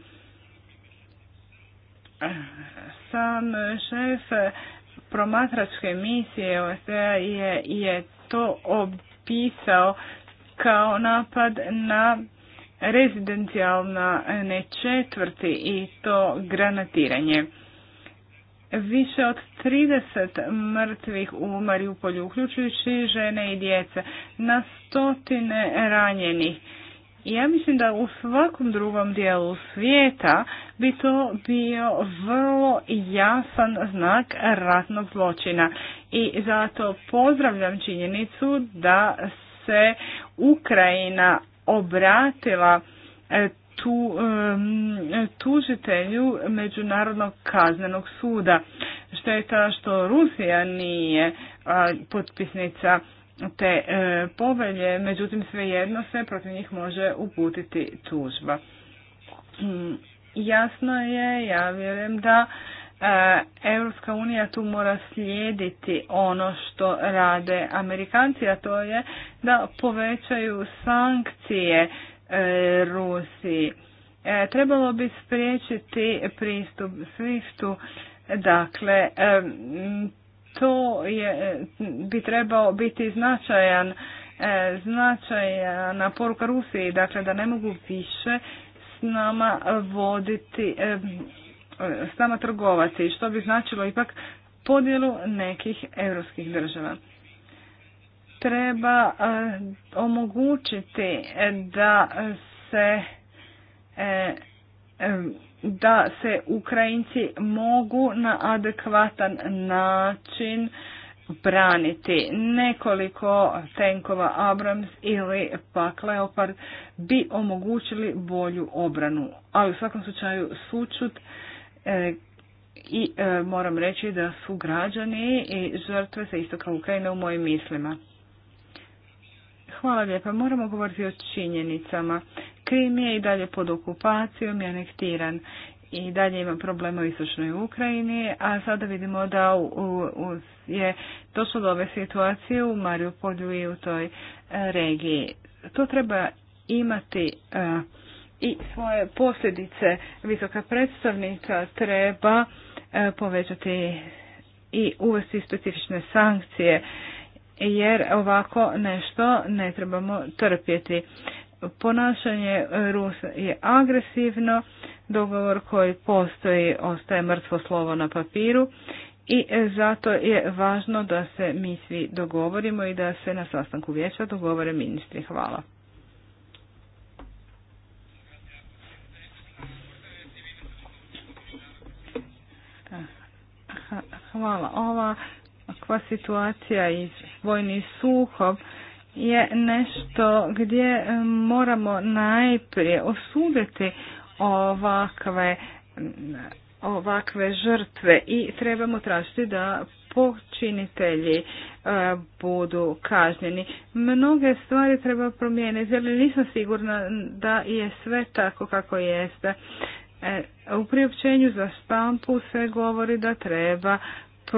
Speaker 4: Sam šef promatračke misije OSDA je, je to opisao kao napad na rezidencijalna četvrti i to granatiranje više od 30 mrtvih u Mariupolju, uključujući žene i djece, na stotine ranjenih. Ja mislim da u svakom drugom dijelu svijeta bi to bio vrlo jasan znak ratnog zločina i zato pozdravljam činjenicu da se Ukrajina obratila e, tu tužitelju Međunarodnog kaznenog suda. Što je Šteta što Rusija nije potpisnica te e, povelje, međutim svejedno se protiv njih može uputiti tužba. Mm, jasno je, ja vjerujem da e, Europska unija tu mora slijediti ono što rade Amerikanci, a to je da povećaju sankcije E, Rusiji. E, trebalo bi spriječiti pristup Swiftu, dakle e, to je, bi trebao biti značajan značajna poruka Rusiji, dakle da ne mogu više s nama voditi, s nama trgovati, što bi značilo ipak podjelu nekih europskih država treba e, omogućiti da se e, e, da se Ukrajinci mogu na adekvatan način braniti. Nekoliko tenkova Abrams ili pak Leopard bi omogućili bolju obranu. Ali u svakom slučaju sučut i moram reći da su građani i žrtve sa istoka Ukrajine u mojim mislima. Hvala lijepa. Moramo govoriti o činjenicama. Krim je i dalje pod okupacijom je anektiran. I dalje ima problema u istočnoj Ukrajini, a sada vidimo da je došlo do ove situacije u Mariupolju i u toj e, regiji. To treba imati e, i svoje posljedice. Visoka predstavnica treba e, povećati i uvesti specifične sankcije jer ovako nešto ne trebamo trpjeti. Ponašanje Rusa je agresivno, dogovor koji postoji ostaje mrtvo slovo na papiru i zato je važno da se mi svi dogovorimo i da se na sastanku vijeća dogovore ministri. Hvala. Hvala. Ova situacija i vojni suhov je nešto gdje e, moramo najprije osuditi ovakve ovakve žrtve i trebamo tražiti da počinitelji e, budu kažnjeni. Mnoge stvari treba promijeniti, jer nisam sigurna da je sve tako kako jeste. E, u priopćenju za stampu se govori da treba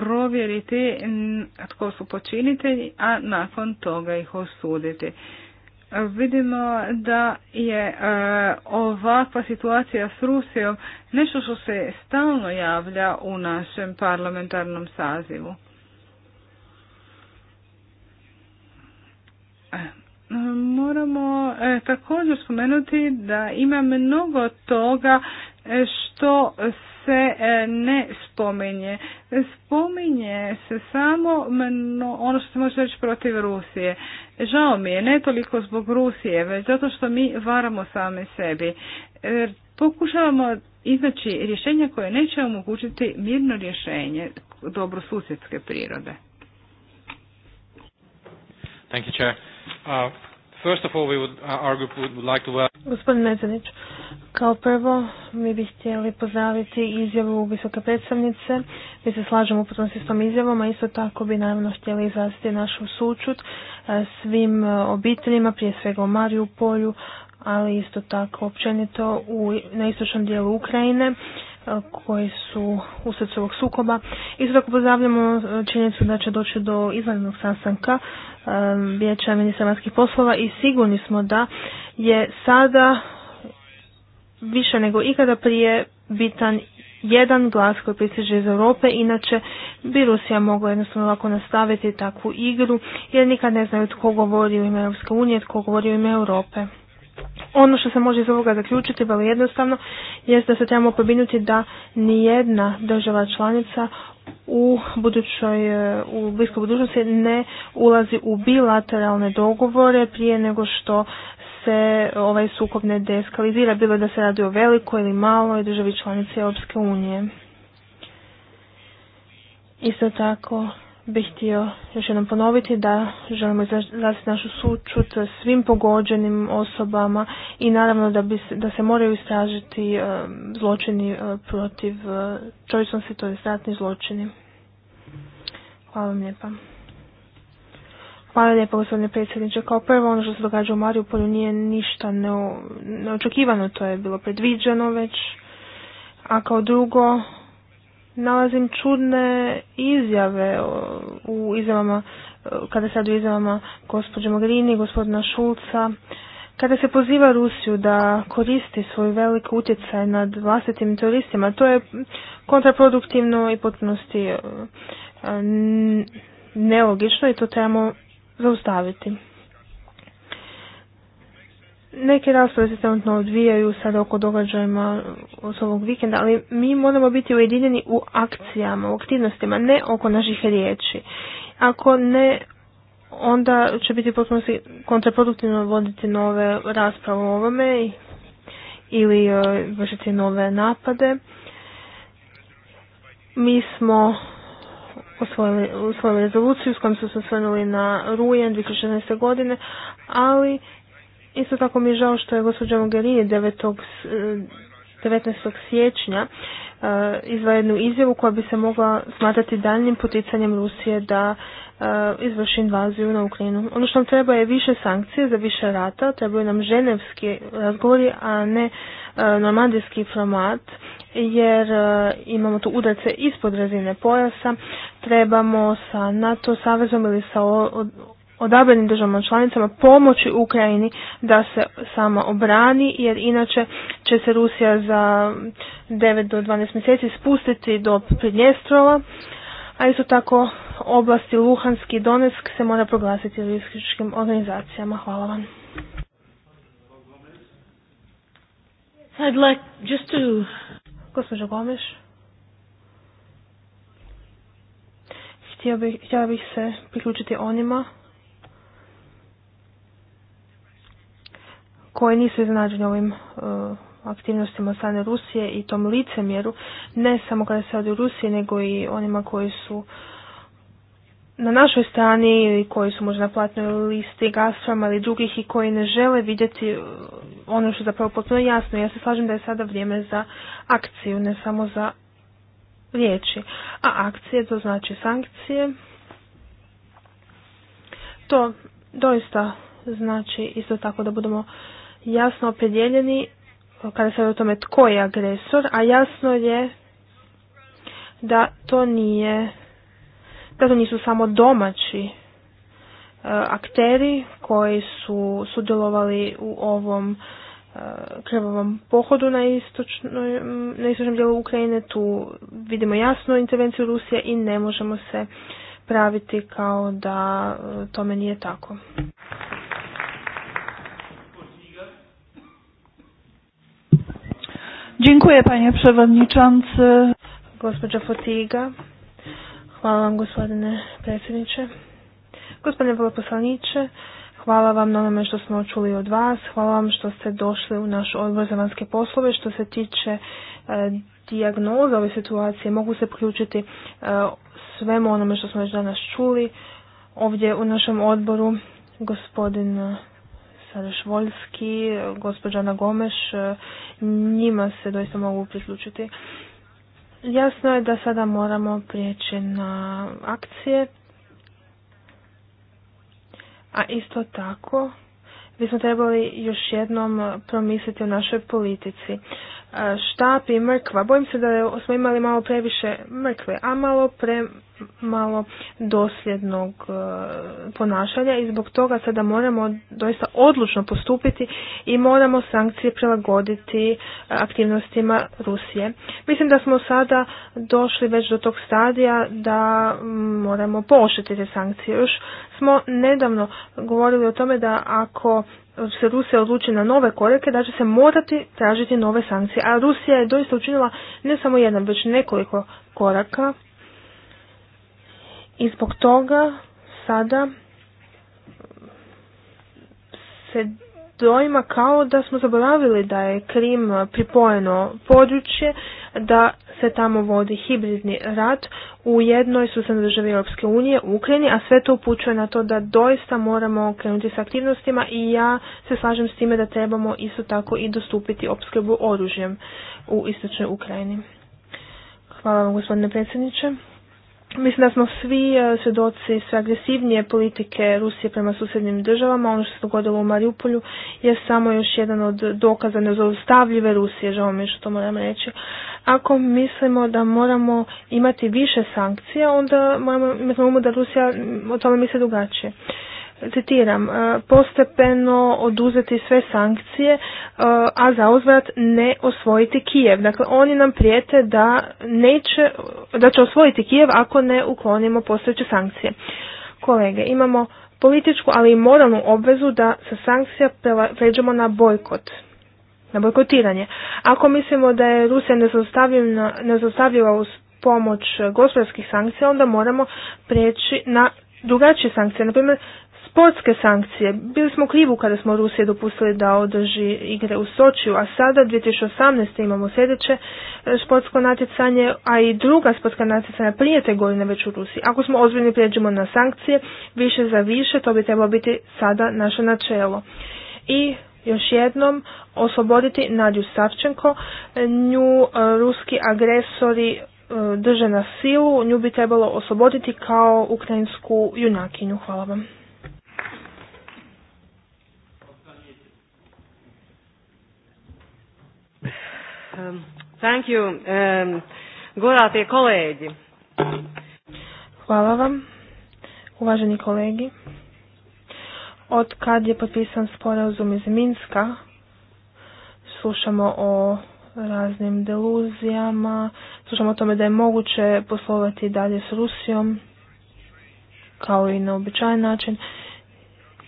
Speaker 4: provjeriti tko su počinitelji, a nakon toga ih osuditi. Vidimo da je e, ovakva situacija s Rusijom nešto što se stalno javlja u našem parlamentarnom sazivu. E, moramo e, također spomenuti da ima mnogo toga što se e, ne spominje. Spominje se samo ono što se može reći protiv Rusije. Žao mi je, ne toliko zbog Rusije, već zato što mi varamo same sebi. E, pokušavamo iznaći rješenja koje neće omogućiti mirno rješenje dobrosusjedske prirode.
Speaker 1: Thank you, Chair. Uh, First of
Speaker 2: Gospodin kao prvo mi bi htjeli pozdraviti izjavu visoke predstavnice. Mi se slažemo uputno s tom izjavom, a isto tako bi naravno htjeli izraziti našu sučut uh, svim uh, obiteljima, prije svega u Mariju polju, ali isto tako općenito u, na istočnom dijelu Ukrajine koji su usred ovog sukoba. Isto tako pozdravljamo e, činjenicu da će doći do izvanrednog sastanka e, vijeća ministra vanjskih poslova i sigurni smo da je sada više nego ikada prije bitan jedan glas koji pristiže iz Europe, inače bi Rusija mogla jednostavno ovako nastaviti takvu igru, jer nikad ne znaju tko govori u ime Europske unije, tko govori u ime Europe ono što se može iz ovoga zaključiti vrlo jednostavno jest da se trebamo pobinuti da nijedna država članica u budućoj, e, u bliskoj budućnosti ne ulazi u bilateralne dogovore prije nego što se ovaj sukob ne deskalizira, bilo da se radi o velikoj ili maloj državi članici Europske unije. Isto tako bih htio još jednom ponoviti da želimo izraziti našu sučut svim pogođenim osobama i naravno da, bi, da se moraju istražiti e, zločini e, protiv e, čovječnosti, to je zločini. Hvala vam lijepa. Hvala lijepo gospodine predsjedniče. Kao prvo ono što se događa u Marijupolju nije ništa neočekivano, to je bilo predviđeno već. A kao drugo, nalazim čudne izjave u izjavama, e, kada sad u izjavama gospođe Mogrini, gospodina Šulca, kada se poziva Rusiju da koristi svoj velik utjecaj nad vlastitim turistima, to je kontraproduktivno i potpunosti e, nelogično i to trebamo zaustaviti. Neke rasprave se trenutno odvijaju sada oko događajima s ovog vikenda, ali mi moramo biti ujedinjeni u akcijama, u aktivnostima, ne oko naših riječi. Ako ne, onda će biti potpuno kontraproduktivno voditi nove rasprave o ovome ili e, vršiti nove napade. Mi smo usvojili, usvojili rezoluciju s kojom su se osvrnuli na rujan 2016. godine, ali Isto tako mi je žao što je gospođa Mogherini 9. 19. E, siječnja e, izva jednu izjavu koja bi se mogla smatrati daljnim poticanjem Rusije da e, izvrši invaziju na Ukrajinu. Ono što nam treba je više sankcije za više rata, trebaju nam ženevski razgovori, a ne normandijski format, jer imamo tu udarce ispod razine pojasa, trebamo sa NATO savezom ili sa odabranim državama članicama pomoći Ukrajini da se sama obrani, jer inače će se Rusija za 9 do 12 mjeseci spustiti do Pridnjestrova, a isto tako oblasti Luhanski i Donetsk se mora proglasiti terorističkim organizacijama. Hvala vam. like just to... Gospođo Gomeš. Htio bih, htjela bih se priključiti onima koje nisu iznenađene ovim e, aktivnostima od strane Rusije i tom licemjeru, ne samo kada se radi o Rusiji, nego i onima koji su na našoj strani ili koji su možda na platnoj listi gasvama ili drugih i koji ne žele vidjeti e, ono što zapravo potpuno jasno. Ja se slažem da je sada vrijeme za akciju, ne samo za riječi. A akcije to znači sankcije. To doista znači isto tako da budemo jasno opredjeljeni kada se o tome tko je agresor, a jasno je da to nije, da to nisu samo domaći e, akteri koji su sudjelovali u ovom e, krvavom pohodu na, istočnoj, na istočnom dijelu Ukrajine. Tu vidimo jasno intervenciju Rusije i ne možemo se praviti kao da e, tome nije tako. Dziękuję panie przewodniczący. Fotiga. Hvala vam gospodine predsjedniče. Gospodine veleposlaniče, hvala vam na onome što smo čuli od vas, hvala vam što ste došli u naš odbor za vanjske poslove. Što se tiče e, dijagnoze ove situacije, mogu se priključiti e, svemu onome što smo već danas čuli. Ovdje u našem odboru gospodin Sada Voljski, gospođa Ana Gomeš, e, njima se doista mogu priključiti. Jasno je da sada moramo prijeći na akcije, a isto tako bismo smo trebali još jednom promisliti o našoj politici. E, štap i mrkva. Bojim se da smo imali malo previše mrkve, a malo pre malo dosljednog e, ponašanja i zbog toga sada moramo doista odlučno postupiti i moramo sankcije prilagoditi e, aktivnostima Rusije. Mislim da smo sada došli već do tog stadija da moramo poošiti te sankcije. Još smo nedavno govorili o tome da ako se Rusija odluči na nove korake, da će se morati tražiti nove sankcije. A Rusija je doista učinila ne samo jedan, već nekoliko koraka i zbog toga sada se dojma kao da smo zaboravili da je Krim pripojeno područje, da se tamo vodi hibridni rat u jednoj susjednoj državi Europske unije, u Ukrajini, a sve to upućuje na to da doista moramo krenuti s aktivnostima i ja se slažem s time da trebamo isto tako i dostupiti opskrbu oružjem u istočnoj Ukrajini. Hvala vam gospodine predsjedniče. Mislim da smo svi e, svjedoci sve agresivnije politike Rusije prema susjednim državama. Ono što se dogodilo u Mariupolju je samo još jedan od dokaza nezaustavljive Rusije, žao mi što to moram reći. Ako mislimo da moramo imati više sankcija, onda moramo imati da Rusija o tome misli drugačije citiram, e, postepeno oduzeti sve sankcije, e, a za uzvrat ne osvojiti Kijev. Dakle, oni nam prijete da, neće, da će osvojiti Kijev ako ne uklonimo postojeće sankcije. Kolege, imamo političku, ali i moralnu obvezu da sa sankcija pređemo na bojkot na bojkotiranje. Ako mislimo da je Rusija nezaustavljiva uz pomoć gospodarskih sankcija, onda moramo prijeći na drugačije sankcije, na sportske sankcije. Bili smo krivu kada smo Rusije dopustili da održi igre u Sočiju, a sada 2018. imamo sljedeće e, sportsko natjecanje, a i druga sportska natjecanja prije te godine već u Rusiji. Ako smo ozbiljni prijeđemo na sankcije, više za više, to bi trebalo biti sada naše načelo. I još jednom osloboditi Nadju Savčenko, nju e, ruski agresori e, drže na silu, nju bi trebalo osloboditi kao ukrajinsku junakinju. Hvala vam.
Speaker 4: Um, thank you. Um, kolegi.
Speaker 2: Hvala vam, uvaženi kolegi. Od kad je potpisan sporazum iz Minska, slušamo o raznim deluzijama, slušamo o tome da je moguće poslovati dalje s Rusijom, kao i na običajan način.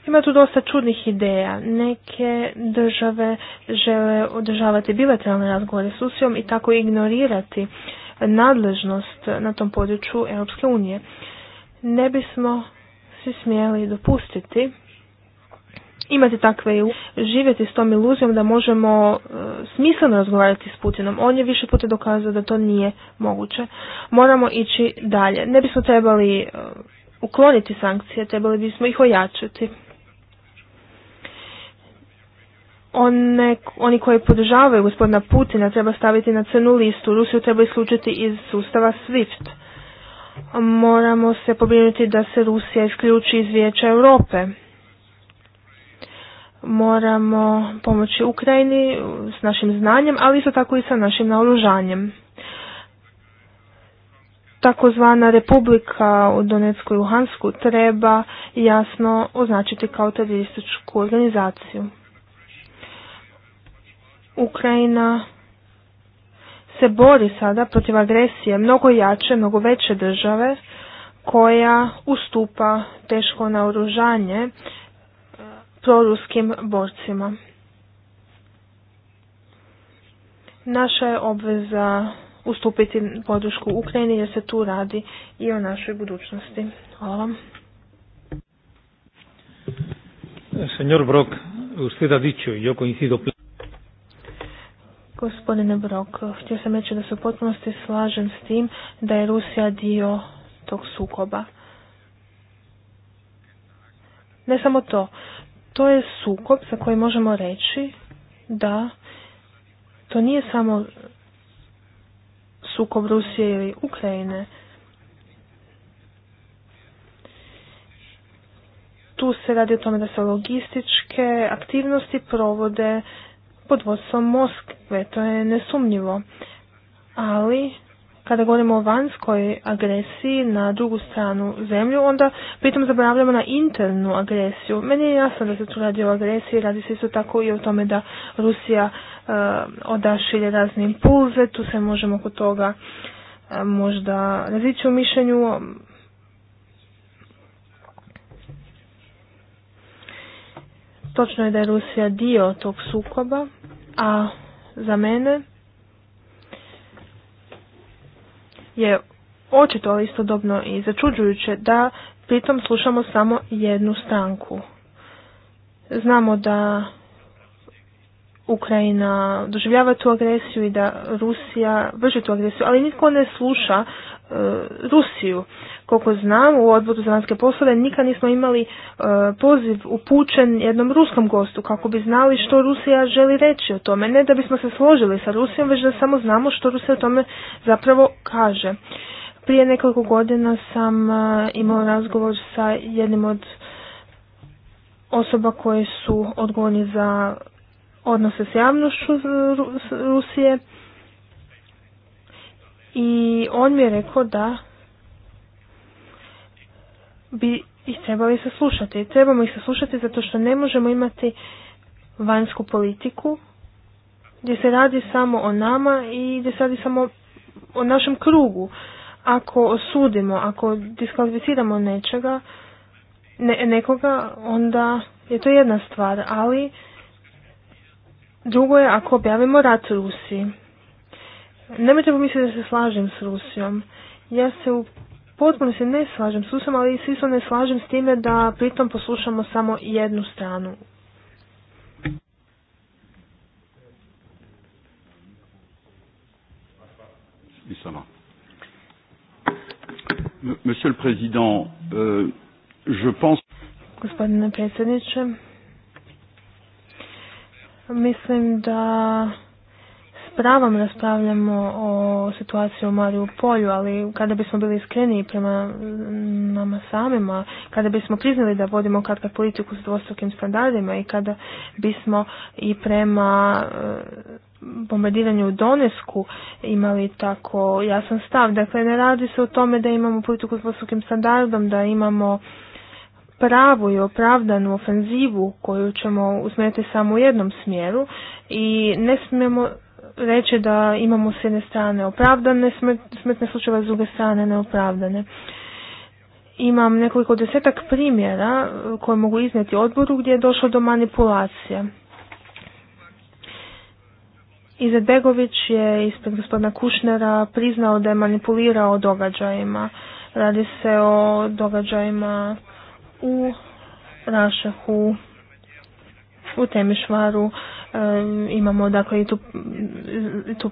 Speaker 2: Ima tu dosta čudnih ideja. Neke države žele održavati bilateralne razgovore s Rusijom i tako ignorirati nadležnost na tom području Europske unije. Ne bismo si smjeli dopustiti imati takve i živjeti s tom iluzijom da možemo e, smisleno razgovarati s Putinom. On je više puta dokazao da to nije moguće. Moramo ići dalje. Ne bismo trebali e, ukloniti sankcije, trebali bismo ih ojačati one, oni koji podržavaju gospodina Putina treba staviti na crnu listu, Rusiju treba isključiti iz sustava SWIFT. Moramo se pobrinuti da se Rusija isključi iz Vijeća Europe. Moramo pomoći Ukrajini s našim znanjem, ali isto tako i sa našim naoružanjem. Takozvana republika u Donetsku i Luhansku treba jasno označiti kao terorističku organizaciju. Ukrajina se bori sada protiv agresije mnogo jače, mnogo veće države koja ustupa teško naoružanje e, proruskim borcima. Naša je obveza ustupiti podršku Ukrajini jer se tu radi i o našoj budućnosti. Hvala vam.
Speaker 1: Señor Brock, usted ha dicho, coincido
Speaker 2: Gospodine Brok, htio sam reći da se u potpunosti slažem s tim da je Rusija dio tog sukoba. Ne samo to, to je sukob za koji možemo reći da to nije samo sukob Rusije ili Ukrajine. Tu se radi o tome da se logističke aktivnosti provode pod vodstvom Moskve, to je nesumnjivo. Ali kada govorimo o vanjskoj agresiji na drugu stranu zemlju, onda pritom zaboravljamo na internu agresiju. Meni je jasno da se tu radi o agresiji, radi se isto tako i o tome da Rusija e, odašilje razne impulze, tu se možemo kod toga e, možda razlići u mišljenju. Točno je da je Rusija dio tog sukoba, a za mene je očito ali istodobno i začuđujuće da pritom slušamo samo jednu stranku. Znamo da Ukrajina doživljava tu agresiju i da Rusija vrši tu agresiju, ali nitko ne sluša E, Rusiju. Koliko znam, u odboru za vanjske poslove nikad nismo imali e, poziv upućen jednom ruskom gostu kako bi znali što Rusija želi reći o tome. Ne da bismo se složili sa Rusijom, već da samo znamo što Rusija o tome zapravo kaže. Prije nekoliko godina sam e, imao razgovor sa jednim od osoba koje su odgovorni za odnose s javnošću Rusije i on mi je rekao da bi ih trebali saslušati. Trebamo ih saslušati zato što ne možemo imati vanjsku politiku gdje se radi samo o nama i gdje se radi samo o našem krugu. Ako osudimo, ako diskvalificiramo nečega, ne, nekoga, onda je to jedna stvar, ali drugo je ako objavimo rat Rusiji. Nemojte pomisliti da se slažem s Rusijom. Ja se u potpuno se ne slažem s Rusijom, ali se ne slažem s time da pritom poslušamo samo jednu stranu.
Speaker 1: Monsieur le Président, euh, je pense...
Speaker 2: Gospodine predsjedniče, mislim da pravom raspravljamo o situaciji u Mariju Polju, ali kada bismo bili iskreni prema nama samima, kada bismo priznali da vodimo katkad politiku s dvostokim standardima i kada bismo i prema e, bombardiranju u Donesku imali tako jasan stav. Dakle, ne radi se o tome da imamo politiku s dvostokim standardom, da imamo pravu i opravdanu ofenzivu koju ćemo usmjeriti samo u jednom smjeru i ne smijemo reći da imamo s jedne strane opravdane smrtne slučajeve, s druge strane neopravdane. Imam nekoliko desetak primjera e, koje mogu iznijeti odboru gdje je došlo do manipulacija. Izetbegović je ispred gospodina Kušnera priznao da je manipulirao događajima. Radi se o događajima u Rašahu u Temišvaru. Imamo dakle i tu, tu,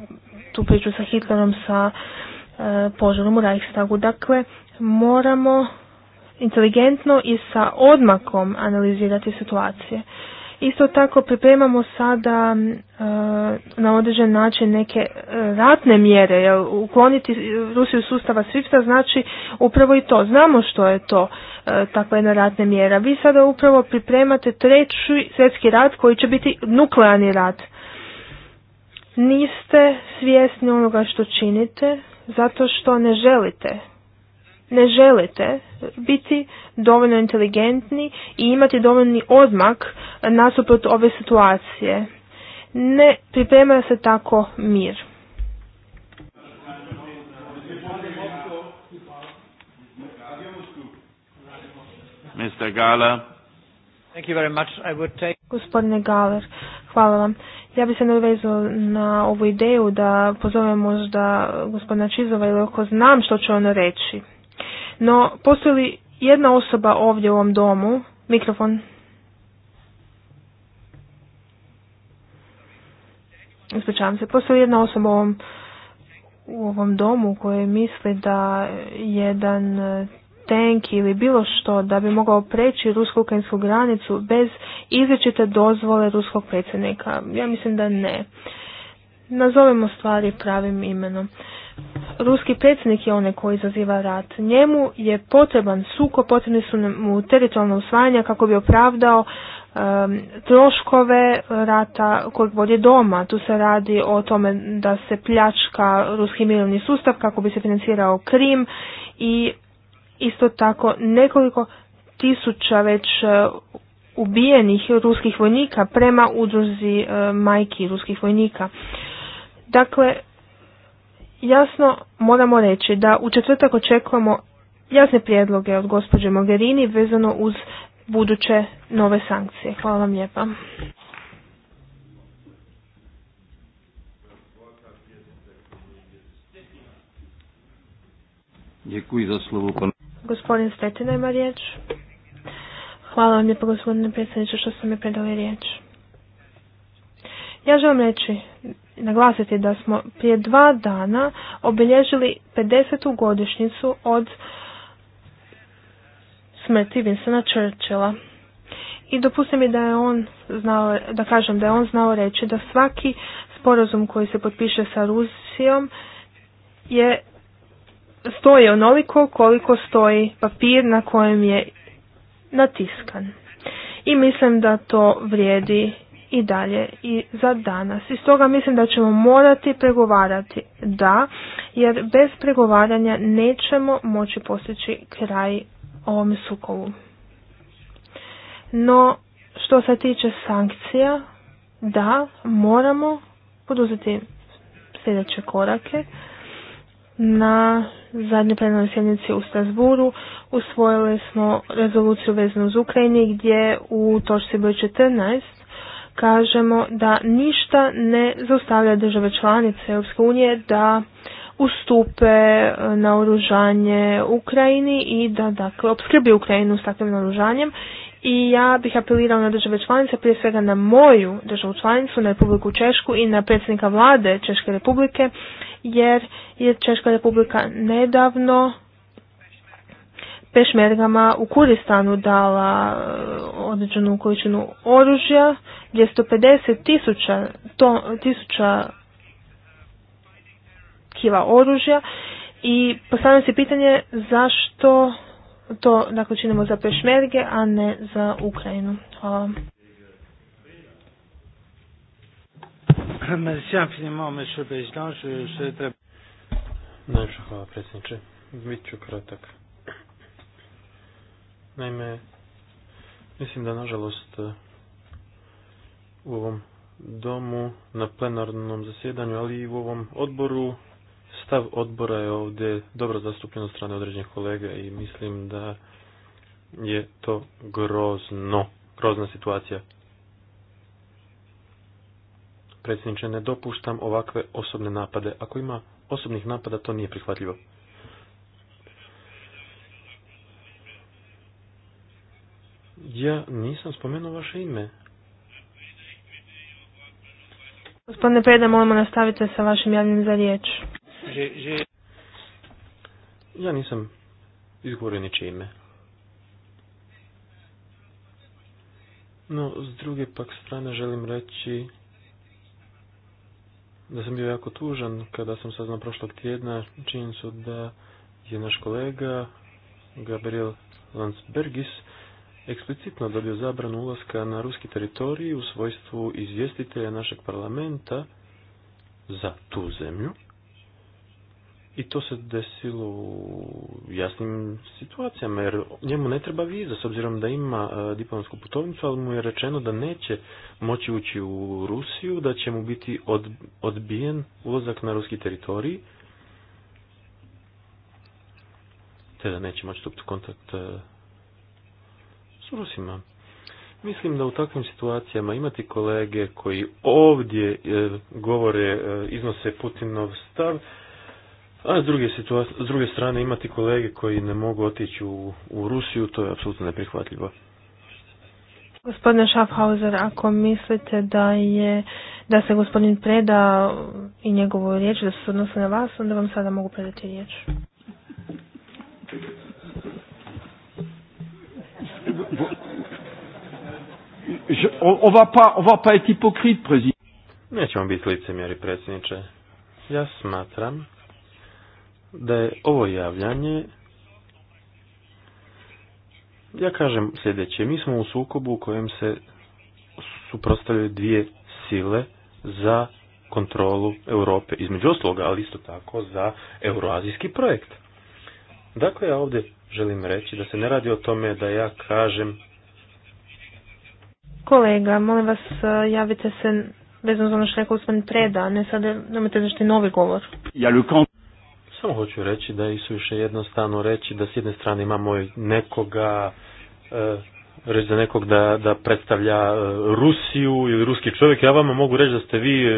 Speaker 2: tu priču sa Hitlerom, sa e, požarom u Reichstagu. Dakle, moramo inteligentno i sa odmakom analizirati situacije. Isto tako pripremamo sada e, na određen način neke e, ratne mjere, jer ukloniti Rusiju sustava Swifta, znači upravo i to. Znamo što je to e, takva jedna ratna mjera. Vi sada upravo pripremate treći svjetski rat koji će biti nuklearni rat. Niste svjesni onoga što činite zato što ne želite ne želite biti dovoljno inteligentni i imati dovoljni odmak nasuprot ove situacije. Ne priprema se tako mir. Mr. Gala. Thank you very much. I would take... Gospodine Galer, hvala vam. Ja bih se nadovezao na ovu ideju da pozovem možda gospodina Čizova ili ako znam što će on reći. No, postoji li jedna osoba ovdje u ovom domu, mikrofon, ispričavam se, postoji jedna osoba u ovom, u ovom domu koja misli da jedan e, tank ili bilo što da bi mogao preći rusko-ukrajinsku granicu bez izrečite dozvole ruskog predsjednika? Ja mislim da ne. Nazovemo stvari pravim imenom ruski predsjednik je onaj koji izaziva rat. Njemu je potreban suko, potrebni su mu teritorijalno usvajanja kako bi opravdao troškove rata kojeg vodi doma. Tu se radi o tome da se pljačka ruski mirovni sustav kako bi se financirao Krim i isto tako nekoliko tisuća već e, ubijenih ruskih vojnika prema udruzi e, majki ruskih vojnika. Dakle, jasno moramo reći da u četvrtak očekujemo jasne prijedloge od gospođe Mogherini vezano uz buduće nove sankcije. Hvala vam lijepa. Gospodin Stetina ima riječ. Hvala vam lijepo gospodine predsjedniče što ste mi predali riječ. Ja želim reći naglasiti da smo prije dva dana obilježili 50. godišnicu od smrti Vincenta Churchilla. I dopustim mi da je on znao, da kažem da je on znao reći da svaki sporazum koji se potpiše sa Rusijom je stoji onoliko koliko stoji papir na kojem je natiskan. I mislim da to vrijedi i dalje i za danas. I stoga mislim da ćemo morati pregovarati da, jer bez pregovaranja nećemo moći postići kraj ovom sukovu. No, što se tiče sankcija, da, moramo poduzeti sljedeće korake. Na zadnjoj plenarnoj sjednici u Strasburu usvojili smo rezoluciju vezanu uz Ukrajini gdje u točci broj 14 kažemo da ništa ne zaustavlja države članice Europske unije da ustupe e, naoružanje Ukrajini i da dakle opskrbi Ukrajinu s takvim naoružanjem i ja bih apelirao na države članice, prije svega na moju državu članicu, na Republiku Češku i na predsjednika vlade Češke republike, jer je Češka republika nedavno pešmergama u Kuristanu dala e, određenu količinu oružja, 250 tisuća, to, tisuća kila oružja i postavljam se pitanje zašto to dakle, činimo za pešmerge, a ne za Ukrajinu. Hvala
Speaker 3: Najviše hvala predsjedniče. Bit ću kratak. Naime, mislim da nažalost e, u ovom domu, na plenarnom zasjedanju, ali i u ovom odboru, stav odbora je ovdje dobro zastupljen od strane određenih kolega i mislim da je to grozno, grozna situacija. Predsjedniče, ne dopuštam ovakve osobne napade. Ako ima osobnih napada, to nije prihvatljivo. Ja nisam spomenuo vaše ime.
Speaker 2: Gospodine Preda, molimo nastavite sa vašim javnim za riječ.
Speaker 3: Ja nisam izgovorio niče ime. No, s druge pak strane želim reći da sam bio jako tužan kada sam saznao prošlog tjedna činjenicu da je naš kolega Gabriel Landsbergis eksplicitno dobio zabranu ulaska na ruski teritorij u svojstvu izvjestitelja našeg parlamenta za tu zemlju. I to se desilo u jasnim situacijama, jer njemu ne treba viza, s obzirom da ima e, diplomatsku putovnicu, ali mu je rečeno da neće moći ući u Rusiju, da će mu biti odbijen ulazak na ruski teritorij, te da neće moći stupiti kontakt e, Rusima. Mislim da u takvim situacijama imati kolege koji ovdje e, govore, e, iznose Putinov stav, a s druge, s druge strane imati kolege koji ne mogu otići u, u Rusiju, to je
Speaker 1: apsolutno neprihvatljivo.
Speaker 2: Gospodine Schaffhauser, ako mislite da je da se gospodin preda i njegovu riječ da se odnose na vas, onda vam sada mogu predati riječ. Je, on, va pas, on va pas être
Speaker 1: hypocrite, président.
Speaker 3: Nećemo biti licemjeri, predsjedniče. Ja smatram da je ovo javljanje ja kažem sljedeće, mi smo u sukobu u kojem se suprotstavljaju dvije sile za kontrolu Europe, između ostaloga, ali isto tako za euroazijski projekt. Dakle, ja ovdje želim reći da se ne radi o tome da ja kažem
Speaker 2: Kolega, molim vas, e, javite se vezano za ono što je Preda, ne sada nemojte zašto novi govor.
Speaker 3: Ja Samo hoću reći da je više jednostavno reći da s jedne strane imamo nekoga e, reći za nekog da, da predstavlja e, Rusiju ili ruski čovjek, ja vama mogu reći da ste vi e,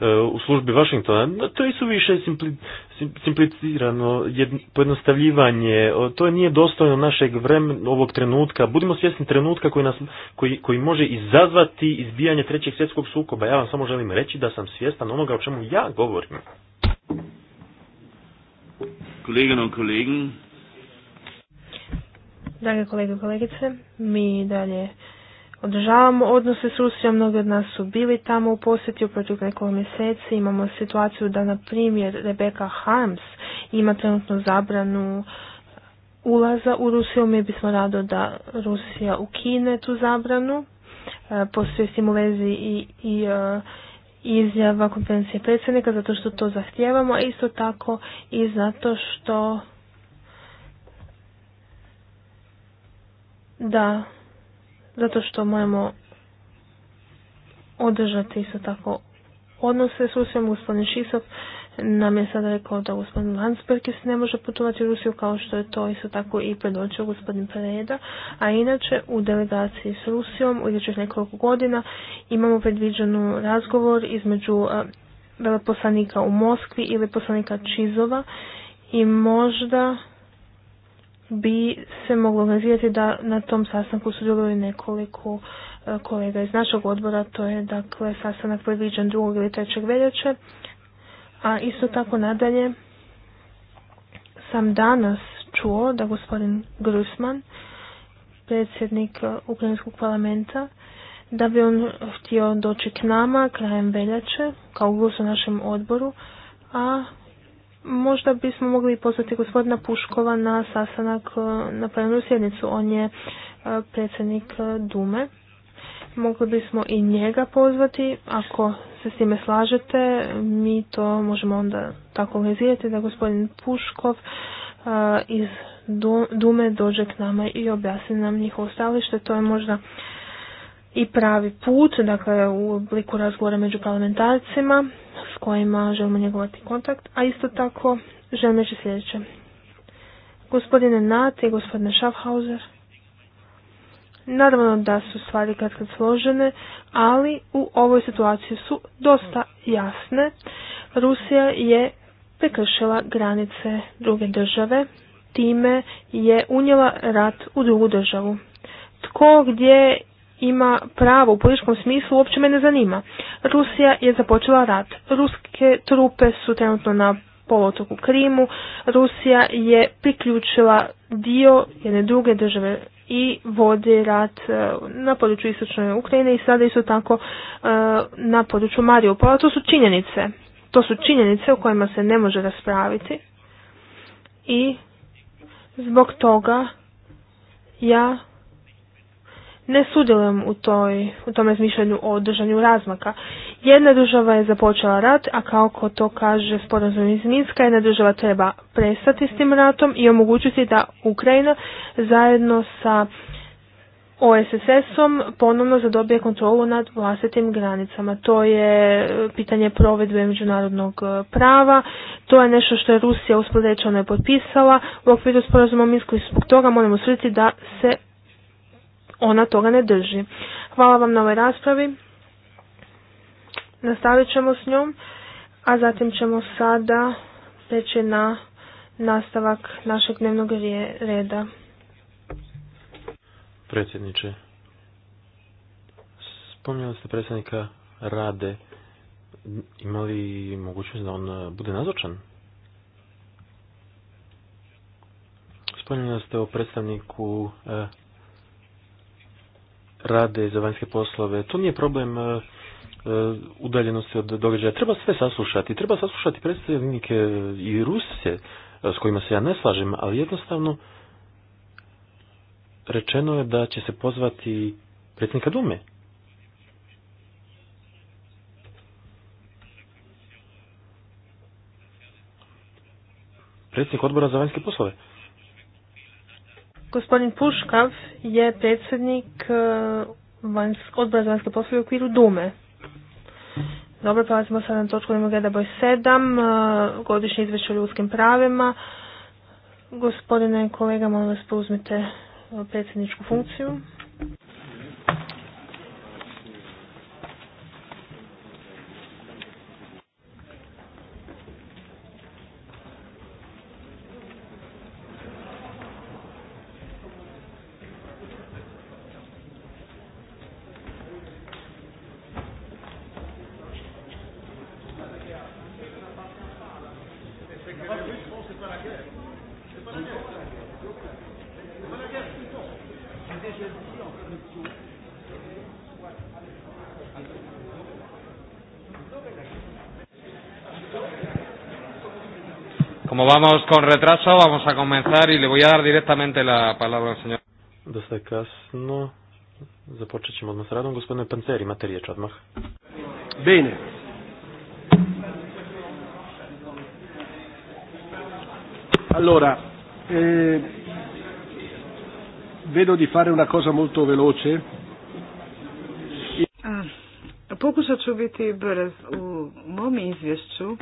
Speaker 3: e, u službi Vašingtona. To je su više simplicirano jed, pojednostavljivanje, to nije dostojno našeg vremena, ovog trenutka. Budimo svjesni trenutka koji, nas, koji, koji može izazvati izbijanje trećeg svjetskog sukoba. Ja vam samo želim reći da sam svjestan onoga o čemu ja govorim.
Speaker 1: Kolegano,
Speaker 2: Drage kolege i kolegice, mi dalje održavamo odnose s Rusijom, mnogi od nas su bili tamo u posjeti u proteklih nekoliko mjeseci, imamo situaciju da na primjer Rebeka Harms ima trenutno zabranu ulaza u Rusiju, mi bismo rado da Rusija ukine tu zabranu, e, postoji s tim u vezi i, i e, izjava konferencije predsjednika zato što to zahtijevamo, isto tako i zato što Da, zato što moramo održati isto tako odnose s Rusijom. Gospodin Šisov nam je sada rekao da gospodin Landsbergis ne može putovati u Rusiju kao što je to isto tako i predočio gospodin Preda. A inače u delegaciji s Rusijom u idućih nekoliko godina imamo predviđenu razgovor između veleposlanika u Moskvi ili poslanika Čizova i možda bi se moglo organizirati da na tom sastanku sudjeluju nekoliko e, kolega iz našeg odbora, to je dakle sastanak predviđen drugog ili trećeg veljače, a isto tako nadalje sam danas čuo da gospodin Grusman, predsjednik Ukrajinskog parlamenta, da bi on htio doći k nama krajem veljače, kao u našem odboru, a Možda bismo mogli pozvati gospodina Puškova na sastanak e, na plenarnu sjednicu. On je e, predsjednik e, Dume. Mogli bismo i njega pozvati. Ako se s time slažete, mi to možemo onda tako organizirati da gospodin Puškov iz Dume dođe k nama i objasni nam njihovo stavlište. To je možda i pravi put, dakle u obliku razgovora među parlamentarcima s kojima želimo njegovati kontakt, a isto tako želim reći sljedeće. Gospodine Nate i gospodine Schaffhauser, naravno da su stvari kad složene, ali u ovoj situaciji su dosta jasne. Rusija je prekršila granice druge države, time je unijela rat u drugu državu. Tko gdje ima pravo u političkom smislu uopće me ne zanima. Rusija je započela rat. Ruske trupe su trenutno na polotoku Krimu. Rusija je priključila dio jedne druge države i vodi rat e, na području istočne Ukrajine i sada isto tako e, na području Mariupola. To su činjenice. To su činjenice o kojima se ne može raspraviti. I zbog toga ja ne sudjelujem u, toj, u tome zmišljenju o održanju razmaka. Jedna država je započela rat, a kako to kaže sporazum iz Minska, jedna država treba prestati s tim ratom i omogućiti da Ukrajina zajedno sa OSSS-om ponovno zadobije kontrolu nad vlastitim granicama. To je pitanje provedbe međunarodnog e, prava, to je nešto što je Rusija uspodećano je potpisala u okviru sporazuma o Minsku i zbog toga moramo usvjetiti da se ona toga ne drži. Hvala vam na ovoj raspravi. Nastavit ćemo s njom, a zatim ćemo sada preći na nastavak našeg dnevnog reda.
Speaker 3: Predsjedniče, spominjali ste predsjednika Rade. Imali mogućnost da on e, bude nazočan? Spominjali ste o predstavniku e, rade za vanjske poslove. To nije problem e, e, udaljenosti od događaja. Treba sve saslušati. Treba saslušati predstavnike i Rusije e, s kojima se ja ne slažem, ali jednostavno rečeno je da će se pozvati predsjednika Dume. Predsjednik odbora za vanjske poslove.
Speaker 2: Gospodin Puškav je predsjednik e, odbora za vanjske poslove u okviru Dume. Dobro, prelazimo sad na točku nemoj gleda boj 7, e, godišnje izvješće o ljudskim pravima. Gospodine kolega, molim vas pouzmite e, predsjedničku funkciju.
Speaker 1: Como vamos con retraso, vamos a comenzar y le voy a dar directamente la palabra al señor.
Speaker 3: Dosta no kasno. Započet ćemo odmah s radom. Gospodine Panceri, imate riječ odmah.
Speaker 1: Bene. Allora, eh, vedo di fare una cosa molto veloce.
Speaker 4: Pokušat ću biti brz u mom izvješću.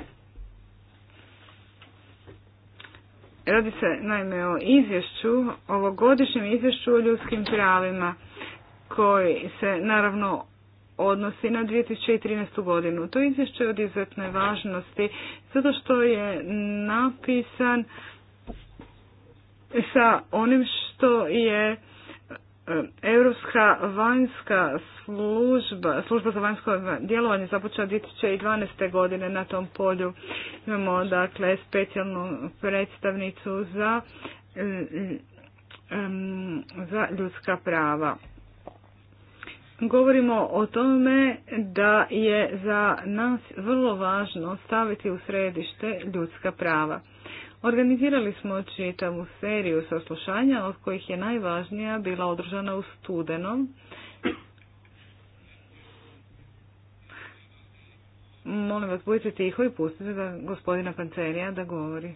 Speaker 4: Radi se naime o izvješću, ovogodišnjem izvješću o ljudskim pravima koji se naravno odnosi na 2013. godinu. To izvješće je od izuzetne važnosti zato što je napisan sa onim što je Europska vanjska služba, služba za vanjsko djelovanje započela 2012. godine na tom polju. Imamo dakle specijalnu predstavnicu za, za ljudska prava. Govorimo o tome da je za nas vrlo važno staviti u središte ljudska prava. Organizirali smo čitavu seriju saslušanja, od kojih je najvažnija bila održana u studenom. Molim vas, budite tiho i pustite da gospodina Pancerija da govori.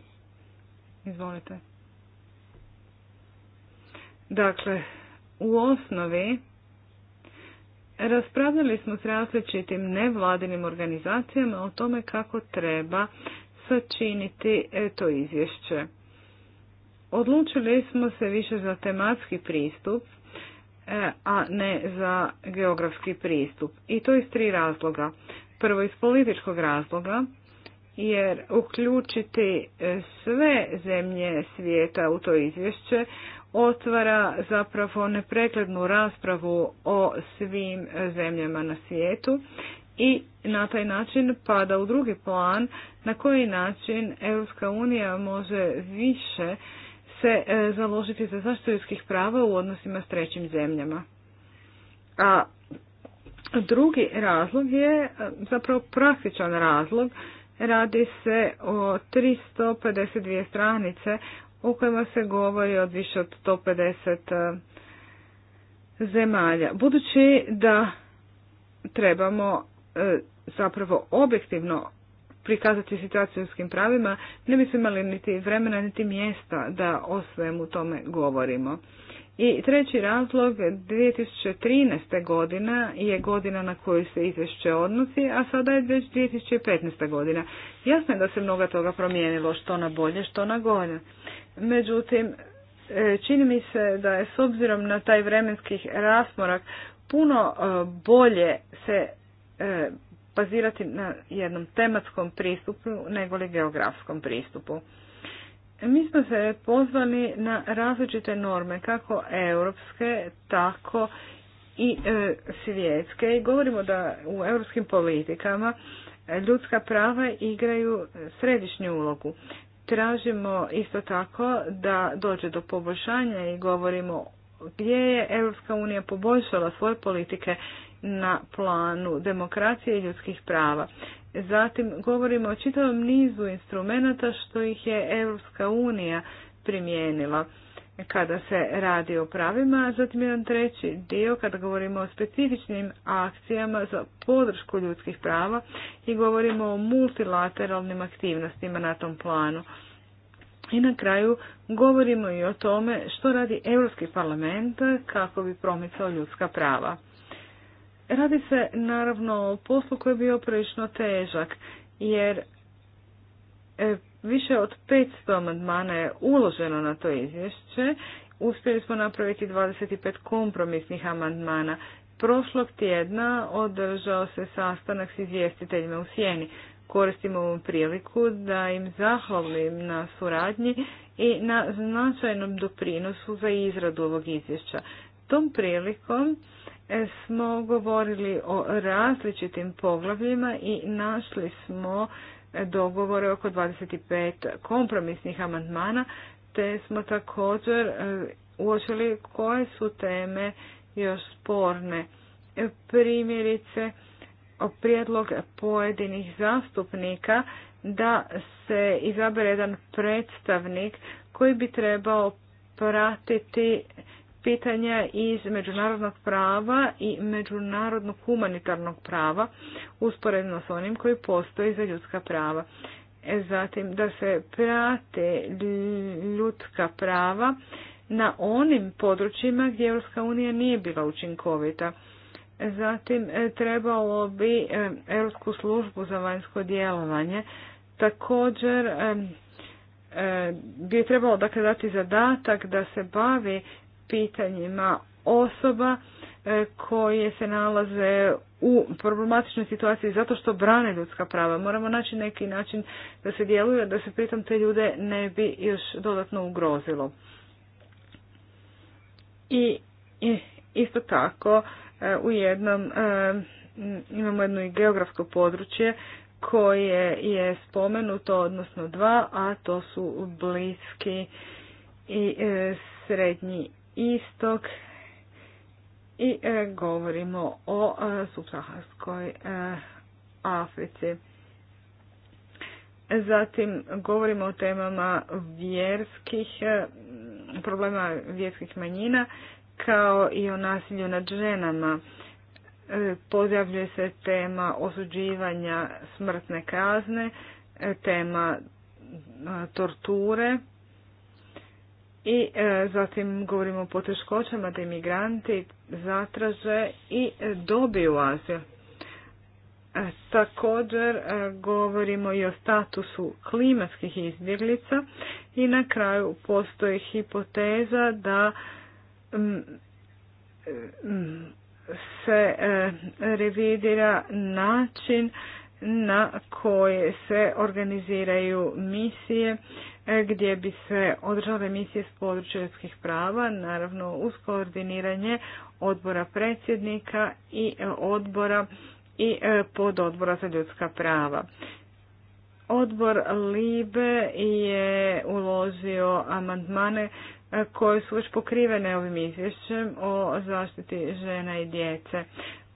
Speaker 4: Izvolite. Dakle, u osnovi raspravljali smo s različitim nevladinim organizacijama o tome kako treba sačiniti e, to izvješće. Odlučili smo se više za tematski pristup, e, a ne za geografski pristup. I to iz tri razloga. Prvo iz političkog razloga, jer uključiti e, sve zemlje svijeta u to izvješće otvara zapravo nepreglednu raspravu o svim zemljama na svijetu i na taj način pada u drugi plan na koji način Europska unija može više se e, založiti za zaštitu ljudskih prava u odnosima s trećim zemljama. A drugi razlog je e, zapravo praktičan razlog. Radi se o 352 stranice u kojima se govori od više od 150 e, zemalja. Budući da trebamo E, zapravo objektivno prikazati situaciju pravima, ne bismo imali niti vremena, niti mjesta da o svemu tome govorimo. I treći razlog, 2013. godina je godina na koju se izvješće odnosi, a sada je već 2015. godina. Jasno je da se mnoga toga promijenilo, što na bolje, što na gore. Međutim, e, čini mi se da je s obzirom na taj vremenski rasmorak puno e, bolje se E, bazirati na jednom tematskom pristupu nego li geografskom pristupu. Mi smo se pozvali na različite norme, kako europske, tako i e, svjetske. I govorimo da u europskim politikama ljudska prava igraju središnju ulogu. Tražimo isto tako da dođe do poboljšanja i govorimo gdje je Europska unija poboljšala svoje politike na planu demokracije i ljudskih prava. Zatim govorimo o čitavom nizu instrumenata što ih je Europska unija primijenila kada se radi o pravima, zatim jedan treći dio kada govorimo o specifičnim akcijama za podršku ljudskih prava i govorimo o multilateralnim aktivnostima na tom planu. I na kraju govorimo i o tome što radi Europski parlament kako bi promicao ljudska prava. Radi se naravno o poslu koji je bio prilično težak, jer e, više od 500 amandmana je uloženo na to izvješće. Uspjeli smo napraviti 25 kompromisnih amandmana. Prošlog tjedna održao se sastanak s izvjestiteljima u Sjeni. Koristim ovu priliku da im zahvalim na suradnji i na značajnom doprinosu za izradu ovog izvješća. Tom prilikom smo govorili o različitim poglavljima i našli smo dogovore oko 25 kompromisnih amandmana, te smo također e, uočili koje su teme još sporne. Primjerice, prijedlog pojedinih zastupnika da se izabere jedan predstavnik koji bi trebao pratiti pitanja iz međunarodnog prava i međunarodnog humanitarnog prava usporedno s onim koji postoji za ljudska prava. E, zatim da se prate ljudska prava na onim područjima gdje Europska unija nije bila učinkovita. Zatim e, trebalo bi e, Europsku službu za vanjsko djelovanje također bi trebalo dakle dati zadatak da se bavi pitanjima osoba e, koje se nalaze u problematičnoj situaciji zato što brane ljudska prava. Moramo naći neki način da se djeluje, da se pritom te ljude ne bi još dodatno ugrozilo. I isto tako e, u jednom e, imamo jedno i geografsko područje koje je spomenuto, odnosno dva, a to su bliski i srednji istok i e, govorimo o e, subsaharskoj e, Africi. Zatim govorimo o temama vjerskih e, problema vjerskih manjina kao i o nasilju nad ženama. Pozjavljuje se tema osuđivanja smrtne kazne, tema torture i e, zatim govorimo o poteškoćama da imigranti zatraže i e, dobiju azil. E, također govorimo i o statusu klimatskih izbjeglica i na kraju postoji hipoteza da se revidira način na koje se organiziraju misije e, gdje bi se održale misije s područja ljudskih prava, naravno uz koordiniranje odbora predsjednika i e, odbora i e, pododbora za ljudska prava. Odbor Libe je uložio amandmane koje su već pokrivene ovim izvješćem o zaštiti žena i djece.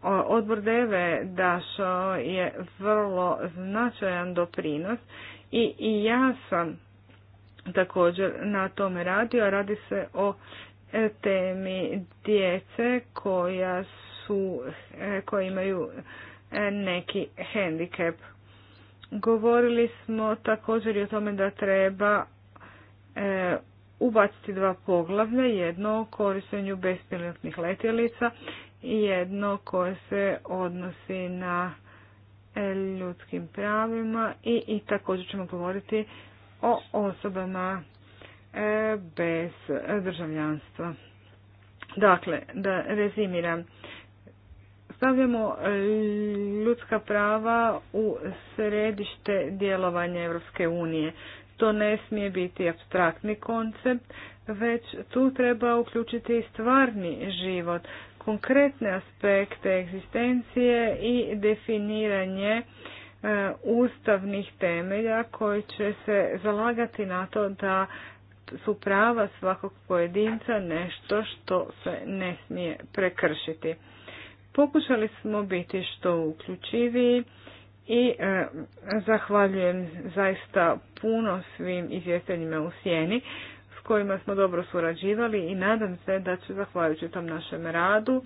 Speaker 4: Odbor Deve dašo je vrlo značajan doprinos i, ja sam također na tome radio. a Radi se o e, temi djece koja su, e, koje imaju e, neki hendikep. Govorili smo također i o tome da treba ubaciti dva poglavlja, jedno o korištenju bespilotnih letjelica jedno koje se odnosi na ljudskim pravima i, i također ćemo govoriti o osobama e, bez državljanstva. Dakle, da rezimiram. Stavljamo ljudska prava u središte djelovanja Europske unije. To ne smije biti abstraktni koncept, već tu treba uključiti i stvarni život, konkretne aspekte egzistencije i definiranje e, ustavnih temelja koji će se zalagati na to da su prava svakog pojedinca nešto što se ne smije prekršiti. Pokušali smo biti što uključiviji i e, zahvaljujem zaista puno svim izvjestiteljima u sjeni kojima smo dobro surađivali i nadam se da će zahvaljujući tom našem radu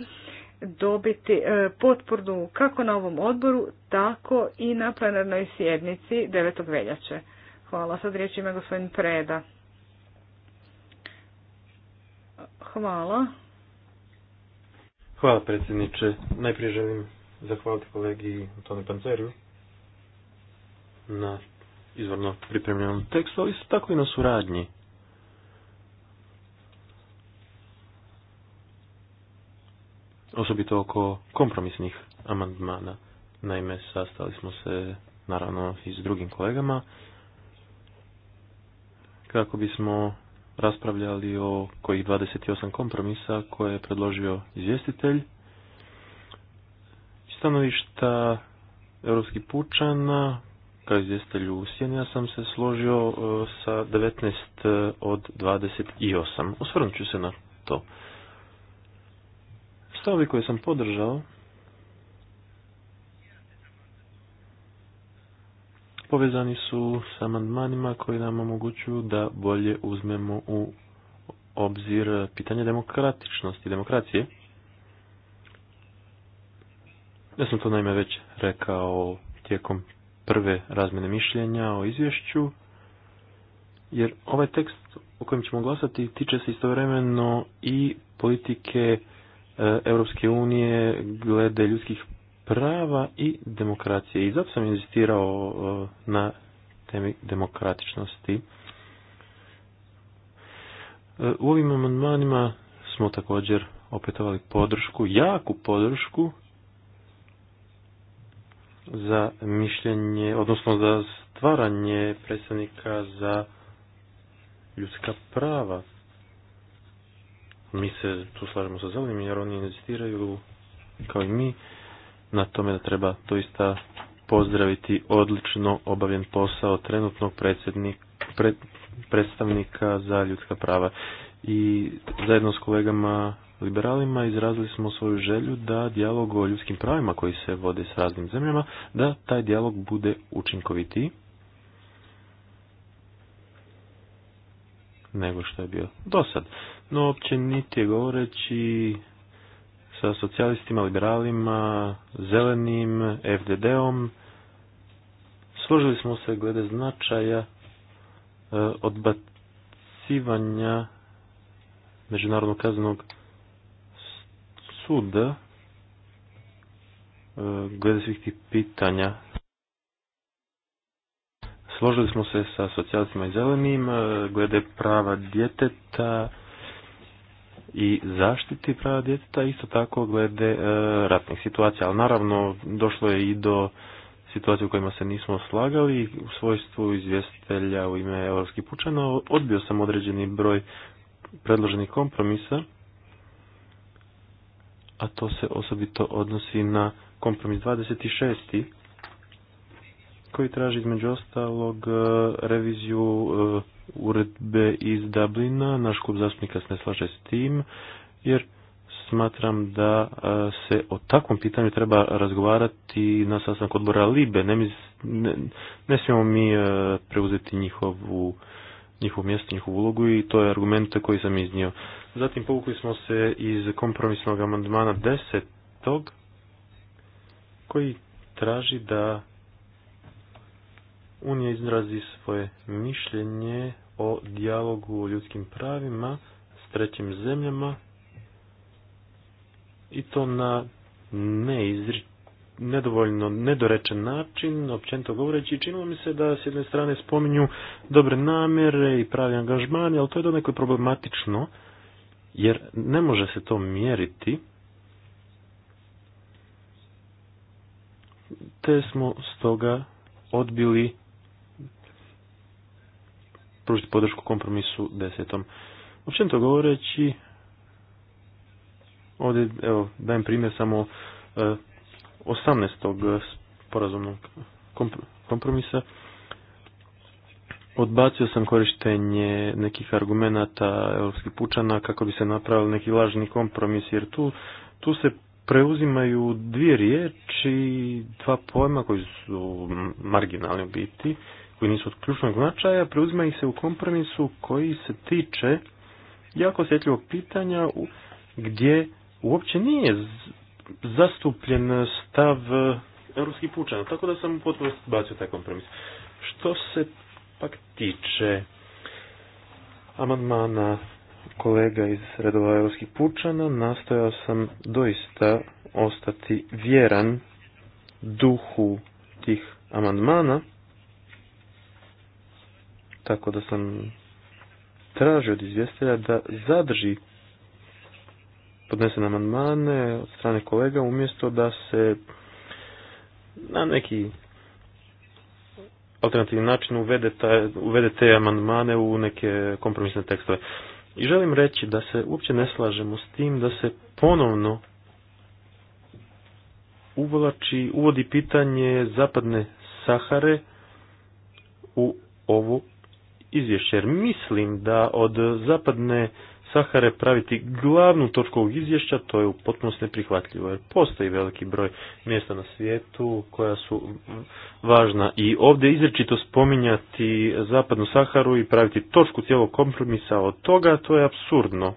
Speaker 4: dobiti e, potporu kako na ovom odboru, tako i na plenarnoj sjednici 9. veljače. Hvala. Sad riječ ima gospodin Preda. Hvala.
Speaker 3: Hvala predsjedniče. Najprije želim zahvaliti kolegi Antoni Panzeru na izvorno pripremljenom tekstu, ali tako i na suradnji osobito oko kompromisnih amandmana. Naime, sastali smo se naravno i s drugim kolegama kako bismo raspravljali o kojih 28 kompromisa koje je predložio izvjestitelj. Stanovišta Europski pučana, kao izvjestitelj u ja sam se složio e, sa 19 od 28. Osvrnut ću se na to. Stavi koje sam podržao povezani su s amandmanima koji nam omogućuju da bolje uzmemo u obzir pitanje demokratičnosti, demokracije. Ja sam to naime već rekao tijekom prve razmene mišljenja o izvješću, jer ovaj tekst o kojem ćemo glasati tiče se istovremeno i politike Europske unije glede ljudskih prava i demokracije. I zato sam inzistirao e, na temi demokratičnosti. E, u ovim amandmanima smo također opetovali podršku, jaku podršku za mišljenje, odnosno za stvaranje predstavnika za ljudska prava. Mi se tu slažemo sa zelenim jer oni inzistiraju kao i mi na tome da treba doista pozdraviti odlično obavljen posao trenutnog predstavnika za ljudska prava. I zajedno s kolegama liberalima izrazili smo svoju želju da dijalog o ljudskim pravima koji se vode s raznim zemljama, da taj dijalog bude učinkovitiji nego što je bio do sad. No, opće niti je govoreći sa socijalistima, liberalima, zelenim, FDD-om, složili smo se glede značaja e, odbacivanja Međunarodnog kaznenog suda e, glede svih tih pitanja. Složili smo se sa socijalistima i zelenim e, glede prava djeteta i zaštiti prava djeteta, isto tako glede e, ratnih situacija. Ali naravno došlo je i do situacije u kojima se nismo slagali u svojstvu izvjestitelja u ime Europskih pučana. Odbio sam određeni broj predloženih kompromisa, a to se osobito odnosi na kompromis 26. koji traži između ostalog e, reviziju e, uredbe iz Dublina. Naš klub zastupnika se ne slaže s tim, jer smatram da e, se o takvom pitanju treba razgovarati na sastanku odbora Libe. Ne, ne, ne smijemo mi e, preuzeti njihovu njihovo mjesto, njihovu ulogu i to je argument koji sam iznio. Zatim povukli smo se iz kompromisnog amandmana desetog koji traži da Unija izrazi svoje mišljenje o dijalogu o ljudskim pravima s trećim zemljama i to na neizri, nedovoljno nedorečen način, općenito govoreći, činilo mi se da s jedne strane spominju dobre namjere i pravi angažman, ali to je donekle problematično, jer ne može se to mjeriti, te smo stoga odbili pružiti podršku kompromisu desetom. to govoreći, ovdje evo, dajem primjer samo e, osamnestog porazumnog kompromisa. Odbacio sam korištenje nekih argumenata europskih pučana kako bi se napravili neki lažni kompromis, jer tu, tu se preuzimaju dvije riječi, dva pojma koji su marginalni u biti koji nisu od ključnog značaja, preuzima ih se u kompromisu koji se tiče jako osjetljivog pitanja gdje uopće nije zastupljen stav e, europskih pučana, tako da sam potpuno bacio taj kompromis. Što se pak tiče amandmana kolega iz redova europskih pučana, nastojao sam doista ostati vjeran duhu tih amandmana, tako da sam tražio od izvjestelja da zadrži podnesene amandmane od strane kolega umjesto da se
Speaker 1: na neki
Speaker 3: alternativni način uvede, taj, uvede te amandmane u neke kompromisne tekstove. I želim reći da se uopće ne slažemo s tim da se ponovno uvlači, uvodi pitanje zapadne Sahare u ovu izvješće, jer mislim da od zapadne Sahare praviti glavnu točku ovog izvješća, to je u potpunosti neprihvatljivo, jer postoji veliki broj mjesta na svijetu koja su važna i ovdje izrečito spominjati zapadnu Saharu i praviti točku cijelog kompromisa od toga, to je absurdno.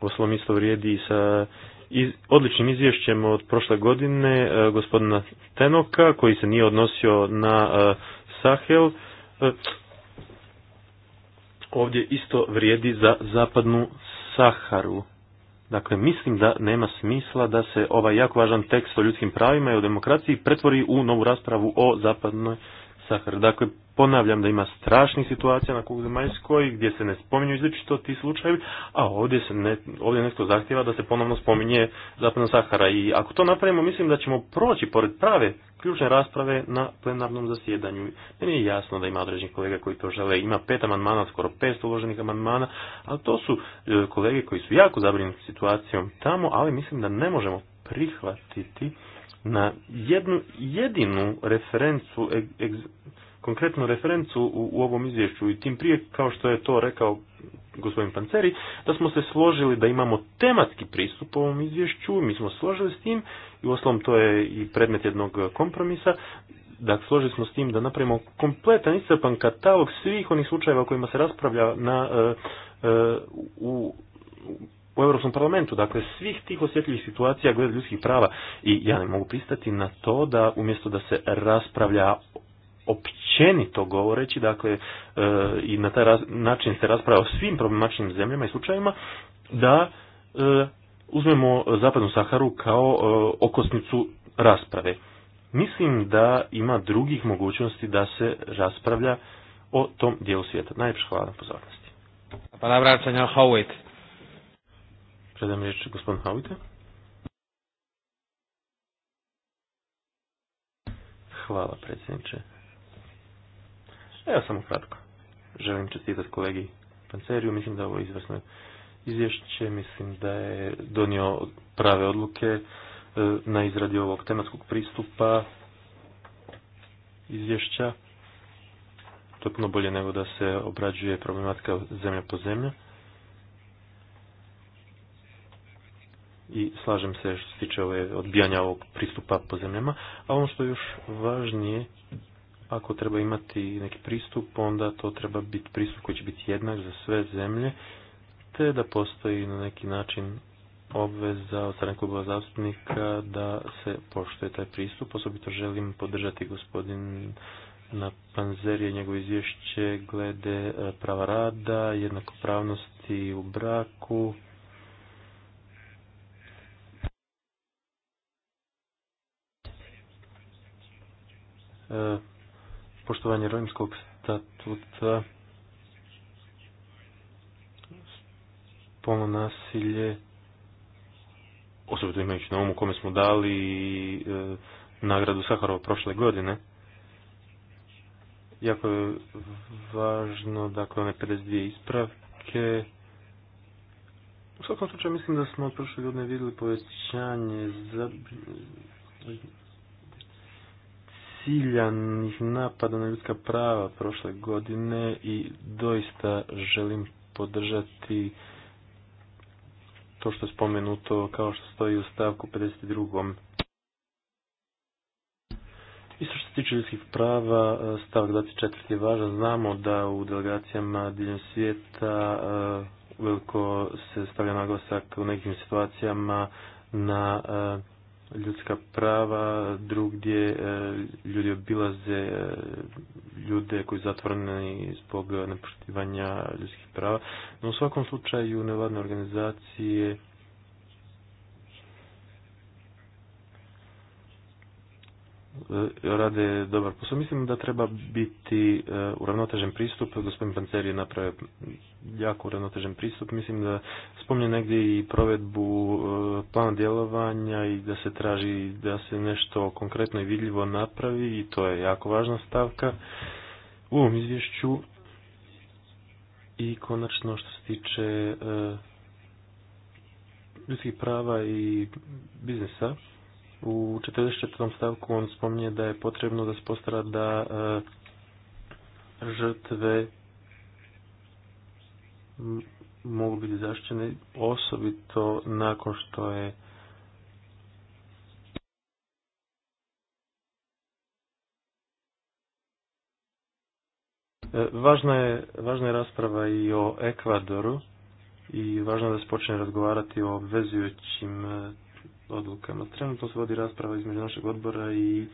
Speaker 3: Poslo isto vrijedi i sa odličnim izvješćem od prošle godine e, gospodina Tenoka koji se nije odnosio na e, Sahel. E, ovdje isto vrijedi za zapadnu Saharu. Dakle, mislim da nema smisla da se ovaj jako važan tekst o ljudskim pravima i o demokraciji pretvori u novu raspravu o zapadnoj Sahar. Dakle, ponavljam da ima strašnih situacija na Kugzemaljskoj gdje se ne spominju izličito ti slučajevi, a ovdje, se ne, ovdje netko zahtjeva da se ponovno spominje Zapadna Sahara. I ako to napravimo, mislim da ćemo proći pored prave ključne rasprave na plenarnom zasjedanju. Meni je jasno da ima određenih kolega koji to žele. Ima pet amandmana, skoro pet uloženih amandmana, ali to su e, kolege koji su jako zabrinuti situacijom tamo, ali mislim da ne možemo prihvatiti na jednu jedinu referencu, konkretnu referencu u, ovom izvješću i tim prije, kao što je to rekao gospodin Panceri, da smo se složili da imamo tematski pristup u ovom izvješću, mi smo složili s tim i u to je i predmet jednog kompromisa, Dakle, složili smo s tim da napravimo kompletan iscrpan katalog svih onih slučajeva kojima se raspravlja na, e, e, u, u Europskom parlamentu, dakle svih tih osjetljivih situacija glede ljudskih prava i ja ne mogu pristati na to da umjesto da se raspravlja općenito govoreći, dakle e, i na taj način se raspravlja o svim problematičnim zemljama i slučajevima, da e, uzmemo Zapadnu Saharu kao e, okosnicu rasprave. Mislim da ima drugih mogućnosti da se raspravlja o tom dijelu svijeta. Najljepša hvala na pozornosti. Predam riječ gospodin Hvala predsjedniče. Evo samo kratko. Želim čestitati kolegi Panceriju. Mislim da je ovo izvrsno izvješće. Mislim da je donio prave odluke e, na izradi ovog tematskog pristupa izvješća. To puno bolje nego da se obrađuje problematika zemlja po zemlja. i slažem se što se tiče odbijanja ovog pristupa po zemljama, a ono što je još važnije, ako treba imati neki pristup, onda to treba biti pristup koji će biti jednak za sve zemlje, te da postoji na neki način obveza od strane klubova zastupnika da se poštuje taj pristup. Osobito želim podržati gospodin na panzerije njegovo izvješće glede e, prava rada, jednakopravnosti u braku, E, poštovanje rojimskog statuta, spolno nasilje, osobito imajući na umu kome smo dali e, nagradu Saharova prošle godine. Jako je važno, dakle, one 52 ispravke. U svakom slučaju mislim da smo od prošle godine vidjeli povećanje za ciljanih napada na ljudska prava prošle godine i doista želim podržati to što je spomenuto kao što stoji u stavku 52. Isto što se tiče ljudskih prava, stavak 24. je važan. Znamo da u delegacijama diljem svijeta eh, veliko se stavlja naglasak u nekim situacijama na eh, ljudska prava, drugdje e, ljudi obilaze e, ljude koji su zatvoreni zbog nepoštivanja ljudskih prava. No u svakom slučaju nevladne organizacije E, rade dobar posao. Mislim da treba biti e, uravnotežen pristup. Gospodin Pancer je napravio jako uravnotežen pristup. Mislim da spominje negdje i provedbu e, plana djelovanja i da se traži da se nešto konkretno i vidljivo napravi i to je jako važna stavka u ovom izvješću. I konačno što se tiče ljudskih prava i biznisa, u 44. stavku on spominje da je potrebno da se postara da e, žrtve mogu biti zaštićene osobito nakon što je e, Važna je, važna je rasprava i o Ekvadoru i važno je da se počne razgovarati o obvezujućim e, odlukama. Trenutno se vodi rasprava između našeg odbora i e,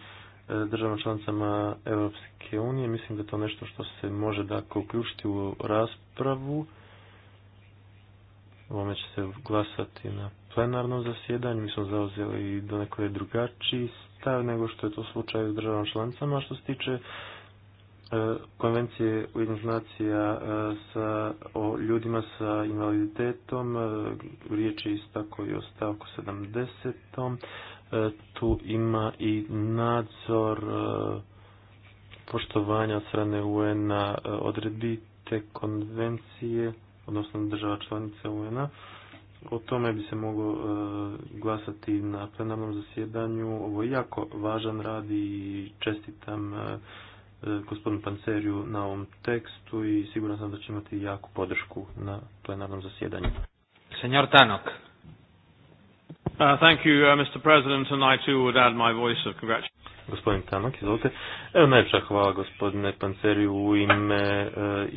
Speaker 3: državama članicama Europske unije. Mislim da je to nešto što se može dakle uključiti u raspravu. Ovome će se glasati na plenarnom zasjedanju. Mi smo zauzeli do nekog drugačiji stav nego što je to slučaj s državama članicama. Što se tiče E, konvencije Ujedinjenih e, sa, o ljudima sa invaliditetom, e, riječ je isto tako i o stavku 70. Tu ima i nadzor poštovanja od strane UN-a odredbi te konvencije, odnosno država članica UN-a. O tome bi se moglo glasati na plenarnom zasjedanju. Ovo je jako važan rad i čestitam gospodinu Panceriju na ovom tekstu i siguran sam da će imati jaku podršku na plenarnom zasjedanju. Senjor Tanok. Uh, thank you, uh, Mr. President, and I too would add my voice of congratulations. Gospodin Tanok, izvolite. Evo najljepša hvala gospodine Panceriju u ime uh,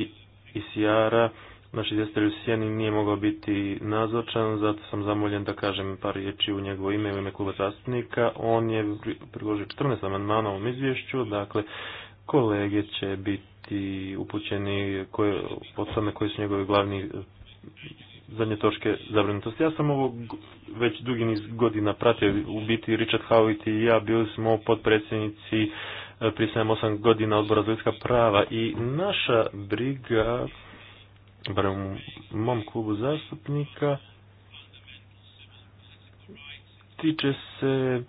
Speaker 3: ICR-a. Naš izvjestelj u Sjeni nije mogao biti nazočan, zato sam zamoljen da kažem par riječi u njegovo ime u ime kluba zastupnika. On je priložio 14 amandmana ovom izvješću, dakle kolege će biti upućeni koje, same koji su njegovi glavni eh, zadnje točke zabrinutosti. Ja sam ovo već dugi niz godina pratio, u biti Richard Howitt i ja bili smo podpredsjednici eh, prije 7-8 godina odbora za ljudska prava i naša briga, u mom klubu zastupnika, tiče se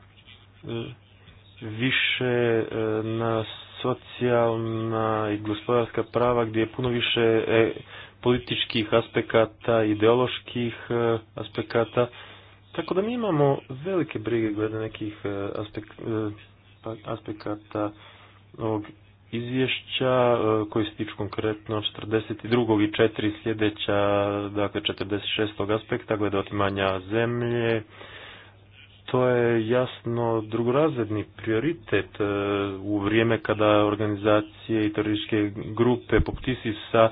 Speaker 3: eh, više nas socijalna i gospodarska prava gdje je puno više e, političkih aspekata, ideoloških e, aspekata. Tako da mi imamo velike brige glede nekih e, pa, aspekata ovog izvješća koji se tiču konkretno 42. i 4 sljedeća, dakle 46. aspekta glede otimanja zemlje, to je jasno drugorazredni prioritet e, u vrijeme kada organizacije i terorističke grupe poput isis e,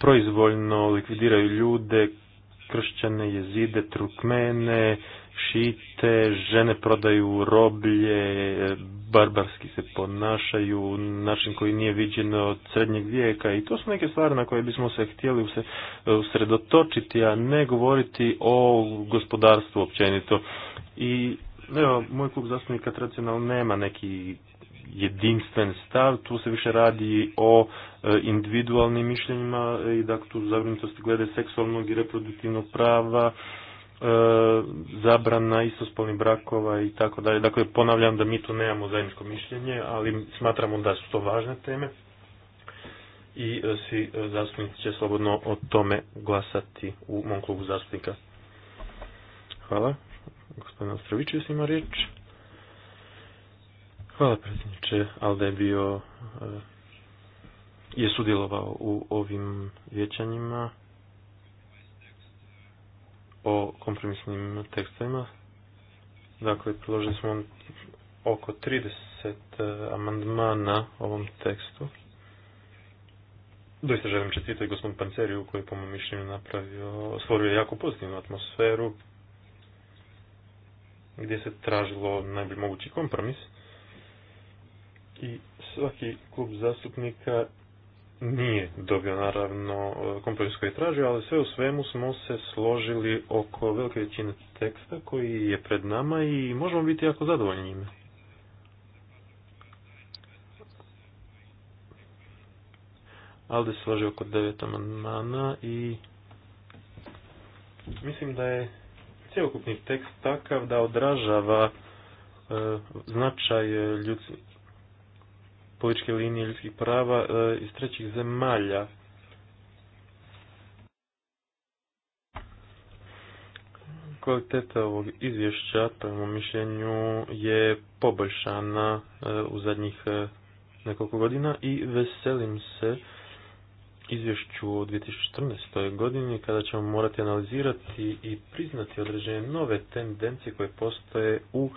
Speaker 3: proizvoljno likvidiraju ljude, kršćane, jezide, trukmene, šite, žene prodaju roblje, barbarski se ponašaju, način koji nije viđen od srednjeg vijeka i to su neke stvari na koje bismo se htjeli usredotočiti, a ne govoriti o gospodarstvu općenito. I evo, moj klub zastupnika tradicionalno nema neki jedinstven stav, tu se više radi o e, individualnim mišljenjima i dakle tu zabrinutosti glede seksualnog i reproduktivnog prava, E, zabrana istospolnih brakova i tako dalje. Dakle, ponavljam da mi tu nemamo zajedničko mišljenje, ali smatramo da su to važne teme i e, svi e, zastupnici će slobodno o tome glasati u mom klubu zastupnika. Hvala. Gospodin s ima riječ. Hvala predsjedniče. da je bio je sudjelovao u ovim vjećanjima o kompromisnim tekstovima. Dakle, priložili smo oko 30 e, amandmana ovom tekstu. Doista želim čestitati gospodin Panceriju koji je po mom mišljenju napravio, stvorio jako pozitivnu atmosferu gdje se tražilo najbolji mogući kompromis. I svaki klub zastupnika nije dobio naravno kompromis koji je tražio, ali sve u svemu smo se složili oko velike većine teksta koji je pred nama i možemo biti jako zadovoljni njime. Alde se složio oko devet amandmana i mislim da je cjelokupni tekst takav da odražava e, značaj ljudskih političke linije ljudskih prava e, iz trećih zemalja. Kvaliteta ovog izvješća, prema mišljenju, je poboljšana e, u zadnjih e, nekoliko godina i veselim se izvješću o 2014. godini kada ćemo morati analizirati i priznati određene nove tendencije koje postoje u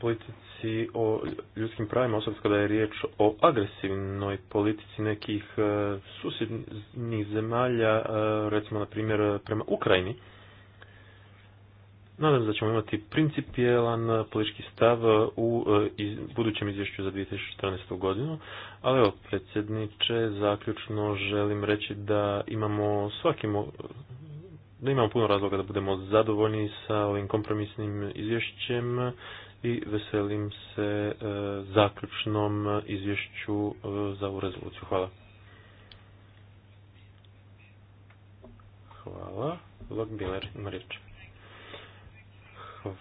Speaker 3: politici i o ljudskim pravima, osobno kada je riječ o agresivnoj politici nekih e, susjednih zemalja, e, recimo na primjer prema Ukrajini. Nadam se da ćemo imati principijelan politički stav u e, budućem izvješću za 2014. godinu, ali evo, predsjedniče, zaključno želim reći da imamo svakim da imamo puno razloga da budemo zadovoljni sa ovim kompromisnim izvješćem i veselim se e, zaključnom izvješću e, za ovu rezoluciju. Hvala. Hvala. Vlog Biler ima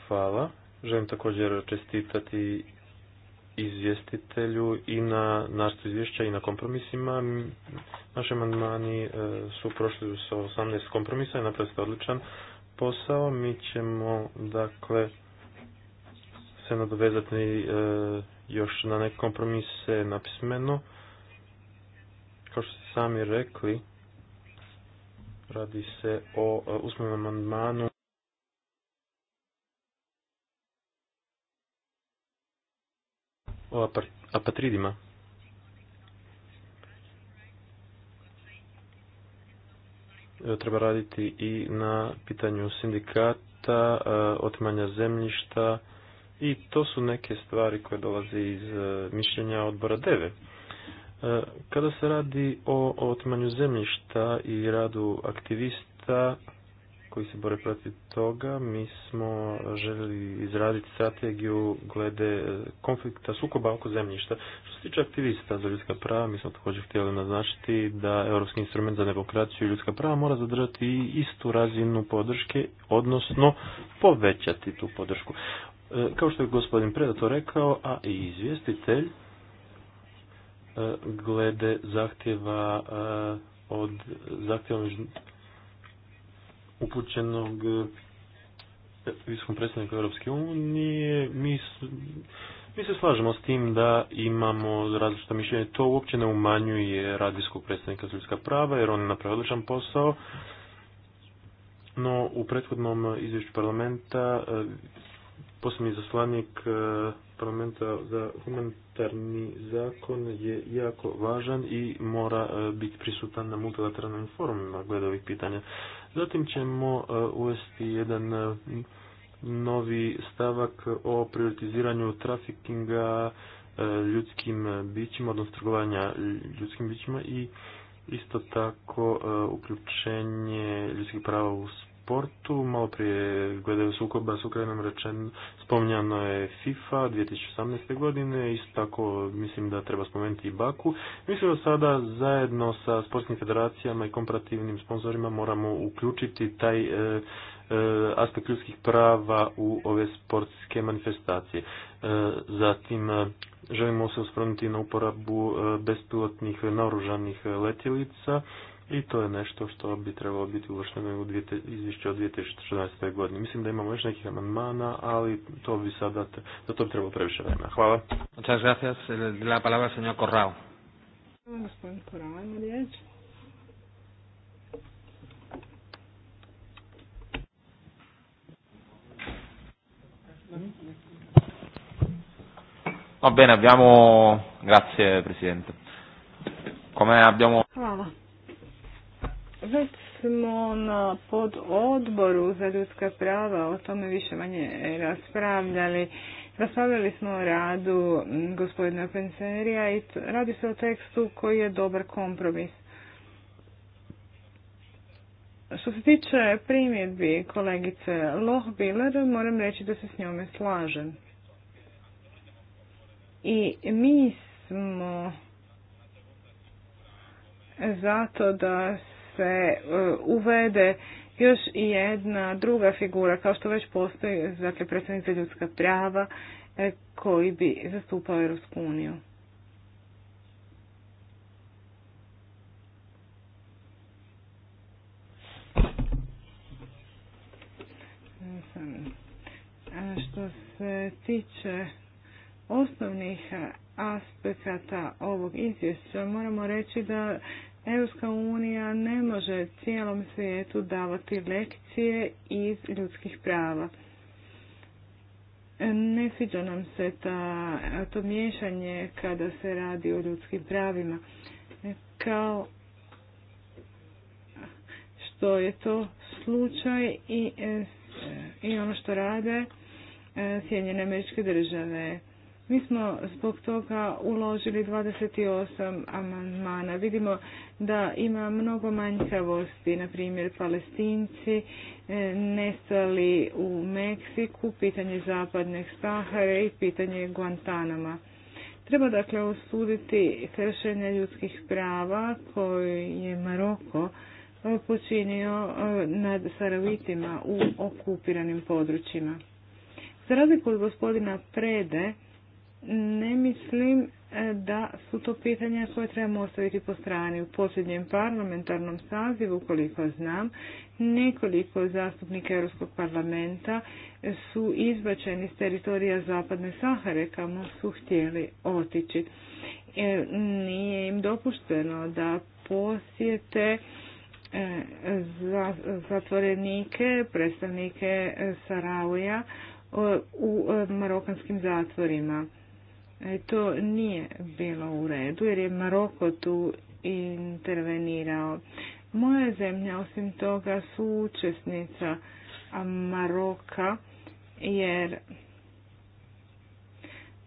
Speaker 3: Hvala. Želim također čestitati izvjestitelju i na nastu izvješća i na kompromisima. Naši amandmani e, su prošli sa 18 kompromisa i napravili ste odličan posao. Mi ćemo, dakle, se nadovezati e, još na neke kompromise napismeno. Kao što ste sami rekli, radi se o e, usmenom amandmanu o apatridima. Treba raditi i na pitanju sindikata, e, otimanja zemljišta, i to su neke stvari koje dolaze iz e, mišljenja odbora DEVE. E, kada se radi o otmanju zemljišta i radu aktivista koji se bore protiv toga, mi smo željeli izraditi strategiju glede e, konflikta sukoba oko zemljišta. Što se tiče aktivista za ljudska prava, mi smo također htjeli naznačiti da Europski instrument za demokraciju i ljudska prava mora zadržati istu razinu podrške, odnosno povećati tu podršku. E, kao što je gospodin Predato rekao, a i izvjestitelj, e, glede zahtjeva e, od zahtjeva upućenog visokom predstavniku Europske unije, mi, mi se slažemo s tim da imamo različita mišljenja. To uopće ne umanjuje radijskog predstavnika za ljudska prava, jer on je napravio odličan posao. No, u prethodnom izvješću parlamenta Posljednji zaslanik e, parlamenta za humanitarni zakon je jako važan i mora e, biti prisutan na multilateralnim forumima glede ovih pitanja. Zatim ćemo e, uvesti jedan novi stavak o prioritiziranju trafikinga ljudskim bićima, odnosno trgovanja ljudskim bićima i isto tako uključenje ljudskih prava u sportu. Malo prije gledaju sukoba s Ukrajinom rečen, spominjano je FIFA 2018. godine, isto tako mislim da treba spomenuti i Baku. Mislim da sada zajedno sa sportskim federacijama i komparativnim sponzorima moramo uključiti taj e, e, aspekt ljudskih prava u ove sportske manifestacije. E, zatim želimo se osvrnuti na uporabu bespilotnih naoružanih letjelica i to je nešto što bi trebalo biti uvršteno u izvješće od 2014. godine. Mislim da imamo još nekih amandmana, ali to bi sada, za to bi trebalo previše vremena. Hvala.
Speaker 1: Muchas gracias. La palabra señor Corrao.
Speaker 4: Gospodin Corrao ima riječ.
Speaker 1: Va bene, abbiamo... Grazie Presidente. Come abbiamo...
Speaker 4: Hvala. Već smo na pod odboru za ljudska prava o tome više manje raspravljali. Raspravljali smo o radu gospodina Penserija i radi se o tekstu koji je dobar kompromis. Što se tiče primjedbi kolegice Lohbiler, moram reći da se s njome slažem. I mi smo zato da se e, uvede još i jedna druga figura, kao što već postoji, dakle, predstavnik ljudska prava, e, koji bi zastupao Europsku uniju. E, što se tiče osnovnih aspekata ovog izvješća, moramo reći da Europska unija ne može cijelom svijetu davati lekcije iz ljudskih prava. Ne sviđa nam se ta, to miješanje kada se radi o ljudskim pravima. Kao što je to slučaj i, e, i ono što rade e, Sjedinjene američke države. Mi smo zbog toga uložili 28 amandmana. Vidimo da ima mnogo manjkavosti, na primjer palestinci e, nestali u Meksiku, pitanje zapadne Sahare i pitanje Guantanama. Treba dakle osuditi kršenje ljudskih prava koje je Maroko e, počinio e, nad Saravitima u okupiranim područjima. Za razliku od gospodina Prede, ne mislim e, da su to pitanja koje trebamo ostaviti po strani. U posljednjem parlamentarnom sazivu, koliko znam, nekoliko zastupnika Europskog parlamenta su izbačeni s teritorija Zapadne Sahare kamo su htjeli otići. E, nije im dopušteno da posjete e, zatvorenike, predstavnike Sarauja u marokanskim zatvorima E, to nije bilo u redu jer je Maroko tu intervenirao. Moja zemlja osim toga su učesnica Maroka jer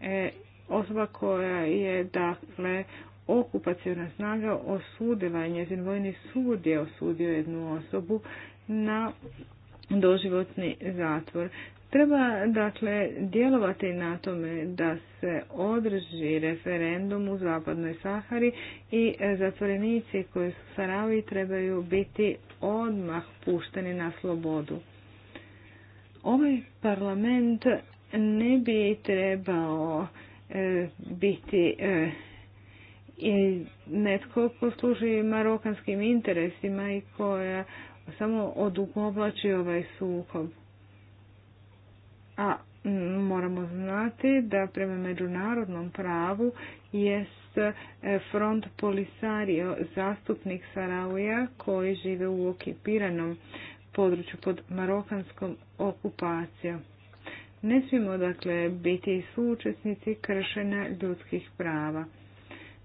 Speaker 4: e, osoba koja je dakle okupacijona snaga osudila je njezin vojni sud je osudio jednu osobu na doživotni zatvor. Treba dakle djelovati na tome da se održi referendum u Zapadnoj Sahari i e, zatvorenici koji su Saravi trebaju biti odmah pušteni na slobodu. Ovaj parlament ne bi trebao e, biti e, netko ko služi marokanskim interesima i koja samo odugovlači ovaj sukob. A moramo znati da prema međunarodnom pravu jest e, front polisario zastupnik Sarauja koji žive u okipiranom području pod marokanskom okupacijom. Ne smijemo dakle biti suučesnici kršenja ljudskih prava.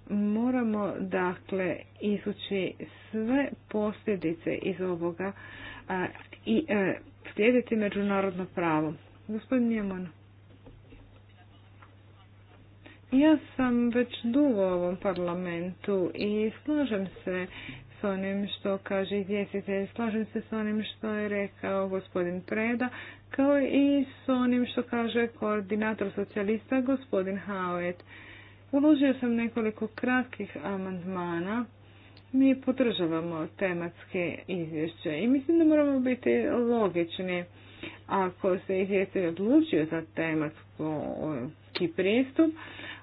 Speaker 4: Moramo dakle izući sve posljedice iz ovoga i e, slijediti međunarodno pravo. Gospodin Njemon. Ja sam već dugo u ovom parlamentu i slažem se s onim što kaže izvjestitelj, slažem se s onim što je rekao gospodin Preda, kao i s onim što kaže koordinator socijalista gospodin Hauet. Uložio sam nekoliko kratkih amandmana. Mi podržavamo tematske izvješće i mislim da moramo biti logični. Ako se izvjestitelj odlučio za tematski e, pristup,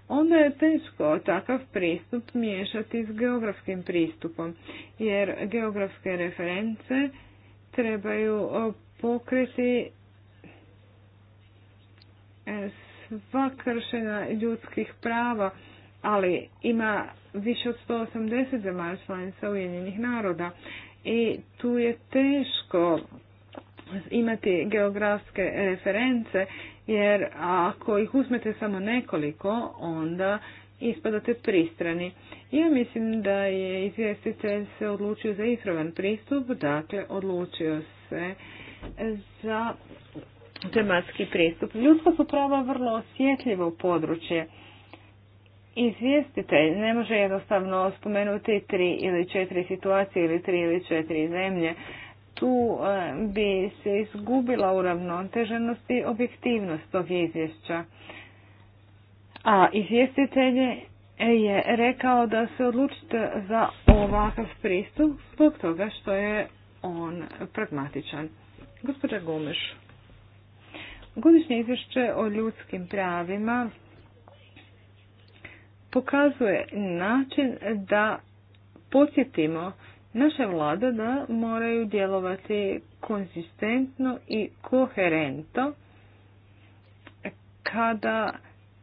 Speaker 4: onda je teško takav pristup miješati s geografskim pristupom, jer geografske reference trebaju e, pokriti e, sva ljudskih prava, ali ima više od 180 zemalja članica Ujedinjenih naroda i tu je teško imati geografske reference, jer ako ih uzmete samo nekoliko, onda ispadate pristrani. Ja mislim da je izvjestitelj se odlučio za ispravan pristup, dakle odlučio se za tematski pristup. Ljudska su prava vrlo osjetljivo područje. Izvjestitelj ne može jednostavno spomenuti tri ili četiri situacije ili tri ili četiri zemlje tu e, bi se izgubila uravnoteženost i objektivnost tog izvješća. A izvjestitelj je rekao da se odlučite za ovakav pristup zbog toga što je on pragmatičan. Gospođa Gomeš, godišnje izvješće o ljudskim pravima pokazuje način da podsjetimo naše vlade da moraju djelovati konzistentno i koherento kada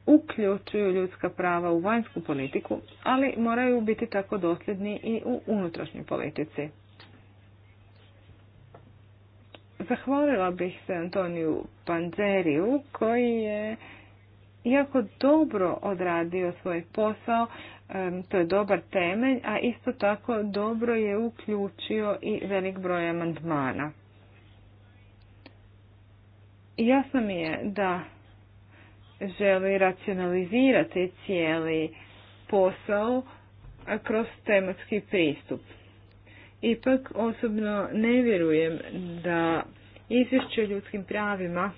Speaker 4: uključuju ljudska prava u vanjsku politiku, ali moraju biti tako dosljedni i u unutrašnjoj politici. Zahvalila bih se Antoniju Panzeriju koji je iako dobro odradio svoj posao, to je dobar temelj, a isto tako dobro je uključio i velik broj amandmana. Jasno mi je da želi racionalizirati cijeli posao kroz tematski pristup. Ipak osobno ne vjerujem da izvješće o ljudskim pravima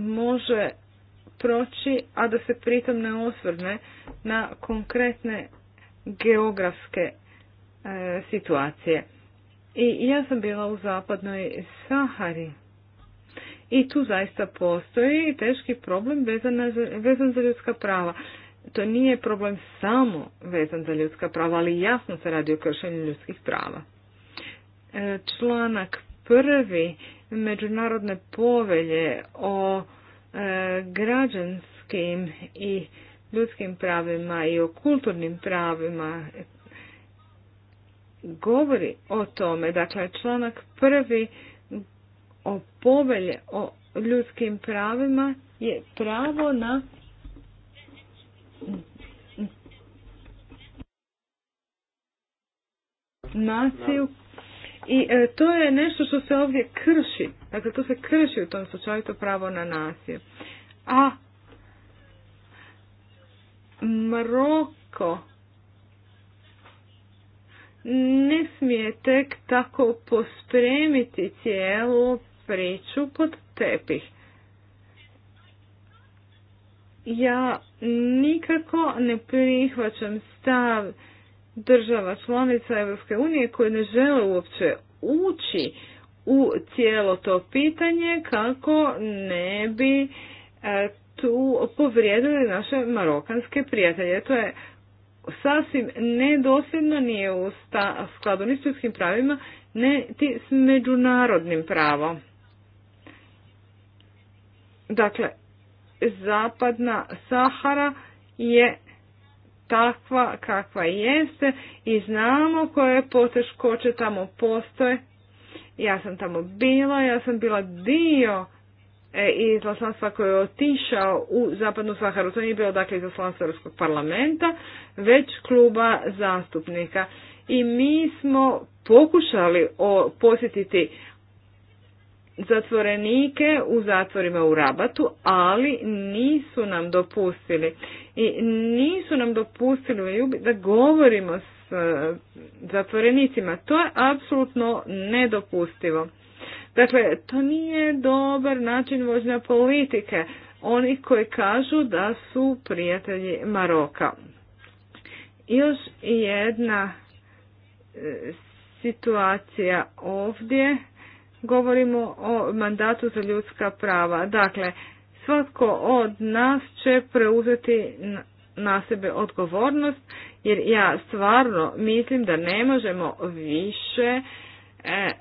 Speaker 4: može proći, a da se pritom ne osvrne na konkretne geografske e, situacije. I ja sam bila u zapadnoj Sahari. I tu zaista postoji teški problem vezan, vezan za ljudska prava. To nije problem samo vezan za ljudska prava, ali jasno se radi o kršenju ljudskih prava. E, članak prvi međunarodne povelje o e, građanskim i ljudskim pravima i o kulturnim pravima govori o tome, dakle članak prvi o povelje o ljudskim pravima je pravo na naciju i e, to je nešto što se ovdje krši. Dakle, to se krši u tom slučaju to pravo na nasilje. A Maroko ne smije tek tako pospremiti cijelu priču pod tepih. Ja nikako ne prihvaćam stav država članica Europske unije koje ne žele uopće ući u cijelo to pitanje kako ne bi e, tu povrijedili naše marokanske prijatelje. To je sasvim nedosljedno, nije u skladu ni s ljudskim pravima, ti s međunarodnim pravom. Dakle, zapadna Sahara je takva kakva jeste i znamo koje poteškoće tamo postoje. Ja sam tamo bila, ja sam bila dio e, izaslanstva koje je otišao u zapadnu Saharu. To nije bilo dakle izlaslanstva Europskog parlamenta, već kluba zastupnika. I mi smo pokušali posjetiti zatvorenike u zatvorima u Rabatu, ali nisu nam dopustili. I nisu nam dopustili da govorimo s eh, zatvorenicima. To je apsolutno nedopustivo. Dakle, to nije dobar način vođenja politike. Oni koji kažu da su prijatelji Maroka. Još jedna eh, situacija ovdje govorimo o mandatu za ljudska prava. Dakle, svatko od nas će preuzeti na sebe odgovornost, jer ja stvarno mislim da ne možemo više e,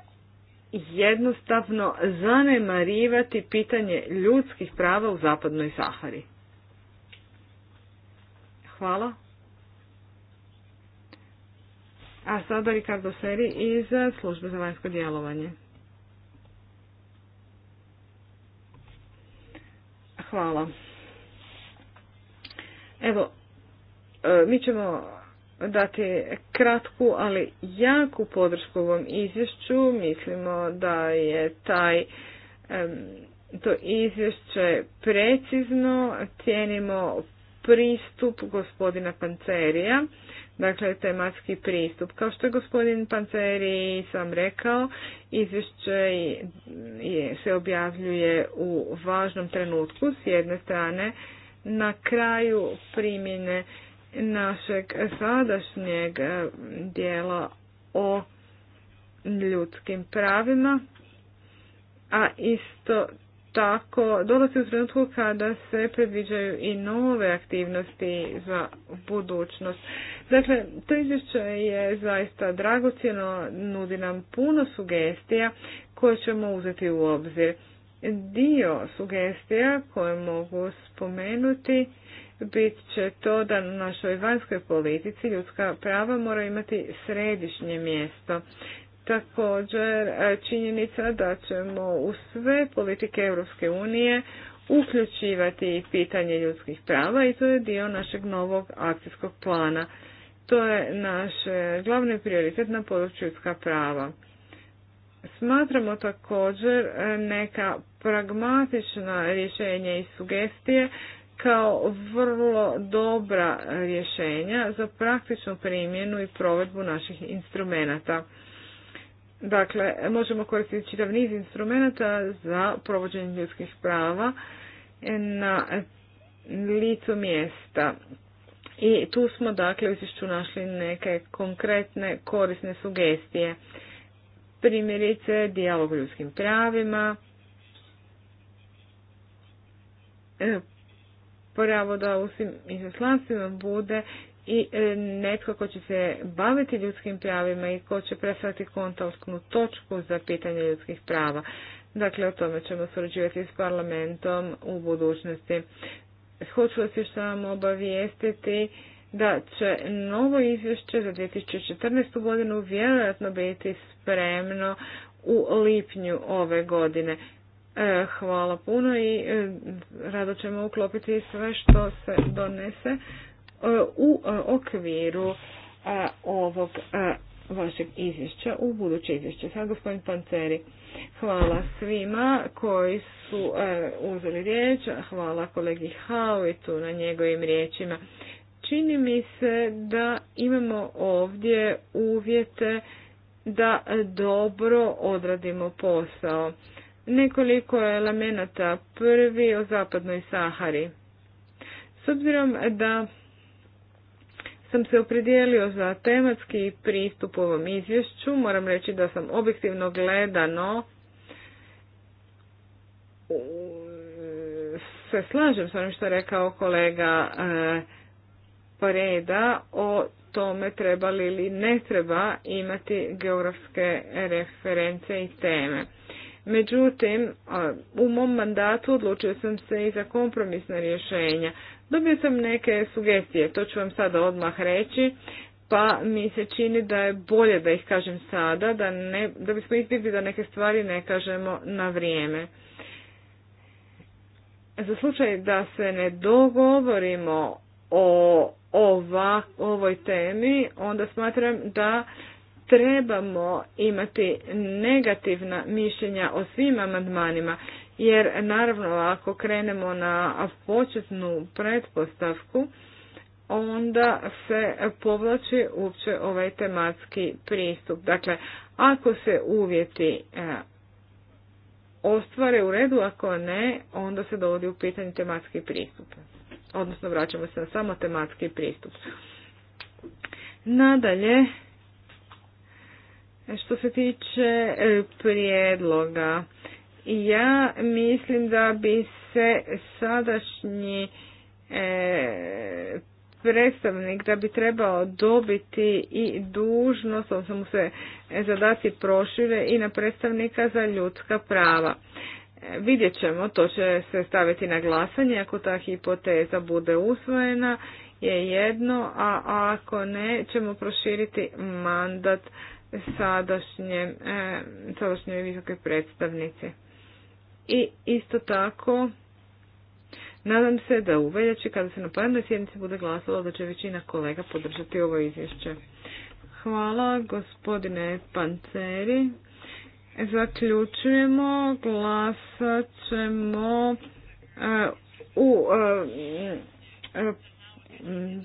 Speaker 4: jednostavno zanemarivati pitanje ljudskih prava u zapadnoj Sahari. Hvala. A sada Ricardo Seri iz službe za vanjsko djelovanje. Hvala. Evo, e, mi ćemo dati kratku, ali jaku podršku ovom izvješću. Mislimo da je taj to izvješće precizno, cijenimo pristup gospodina Pancerija dakle tematski pristup. Kao što je gospodin Panceri sam rekao, izvješće se objavljuje u važnom trenutku s jedne strane na kraju primjene našeg sadašnjeg e, dijela o ljudskim pravima, a isto tako dolazi u trenutku kada se predviđaju i nove aktivnosti za budućnost. Dakle, to izvješće je zaista dragocjeno, nudi nam puno sugestija koje ćemo uzeti u obzir. Dio sugestija koje mogu spomenuti bit će to da na našoj vanjskoj politici ljudska prava mora imati središnje mjesto. Također e, činjenica da ćemo u sve politike Europske unije uključivati pitanje ljudskih prava i to je dio našeg novog akcijskog plana. To je naš e, glavni prioritet na području ljudska prava. Smatramo također e, neka pragmatična rješenja i sugestije kao vrlo dobra rješenja za praktičnu primjenu i provedbu naših instrumenata. Dakle, možemo koristiti čitav niz instrumenata za provođenje ljudskih prava na licu mjesta i tu smo dakle u izvješću našli neke konkretne korisne sugestije. Primjerice, dijalog o ljudskim pravima, e, pravo da u svim izaslanstvima bude i e, netko ko će se baviti ljudskim pravima i ko će predstaviti kontaktnu točku za pitanje ljudskih prava. Dakle, o tome ćemo surađivati s parlamentom u budućnosti. Hoću vas još samo obavijestiti da će novo izvješće za 2014. godinu vjerojatno biti spremno u lipnju ove godine. E, hvala puno i e, rado ćemo uklopiti sve što se donese e, u okviru ovog vašeg izvješća u buduće izvješće. Sad gospodin Panceri, hvala svima koji su e, uzeli riječ, hvala kolegi Hauitu na njegovim riječima. Čini mi se da imamo ovdje uvjete da dobro odradimo posao. Nekoliko je prvi o zapadnoj Sahari. S obzirom da sam se opredijelio za tematski pristup u ovom izvješću. Moram reći da sam objektivno gledano se slažem s onim što je rekao kolega e, Pareda o tome treba li ili ne treba imati geografske reference i teme. Međutim, u mom mandatu odlučio sam se i za kompromisne rješenja. Dobio sam neke sugestije, to ću vam sada odmah reći, pa mi se čini da je bolje da ih kažem sada, da, ne, da bismo izbjegli da neke stvari ne kažemo na vrijeme. Za slučaj da se ne dogovorimo o ova, ovoj temi, onda smatram da trebamo imati negativna mišljenja o svim amandmanima jer naravno ako krenemo na početnu pretpostavku, onda se povlači uopće ovaj tematski pristup. Dakle, ako se uvjeti e, ostvare u redu, ako ne, onda se dovodi u pitanje tematski pristup. Odnosno, vraćamo se na samo tematski pristup. Nadalje, što se tiče e, prijedloga ja mislim da bi se sadašnji e, predstavnik da bi trebao dobiti i dužnost, odnosno mu se zadati prošire i na predstavnika za ljudska prava. E, vidjet ćemo, to će se staviti na glasanje ako ta hipoteza bude usvojena je jedno, a ako ne ćemo proširiti mandat sadašnje, sadašnje visoke predstavnici. I isto tako, nadam se da u veljači kada se na plenarnoj sjednici bude glasalo da će većina kolega podržati ovo izvješće. Hvala gospodine Panceri. Zaključujemo, glasat ćemo eh, u eh,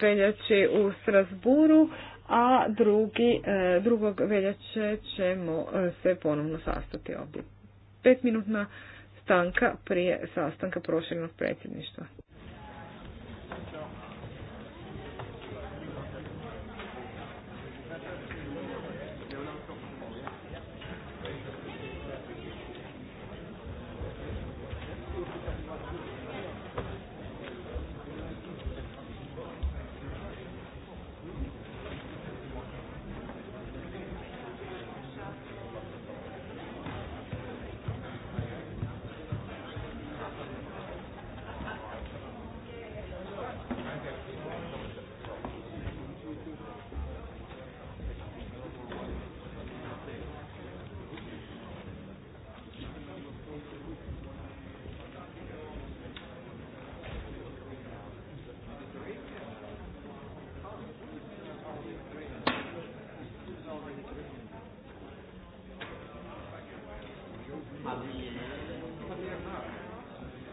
Speaker 4: veljači u Strasburu, a drugi, eh, drugog veljače ćemo se ponovno sastati ovdje. Pet minutna stanka prije sastanka proširnog predsjedništva.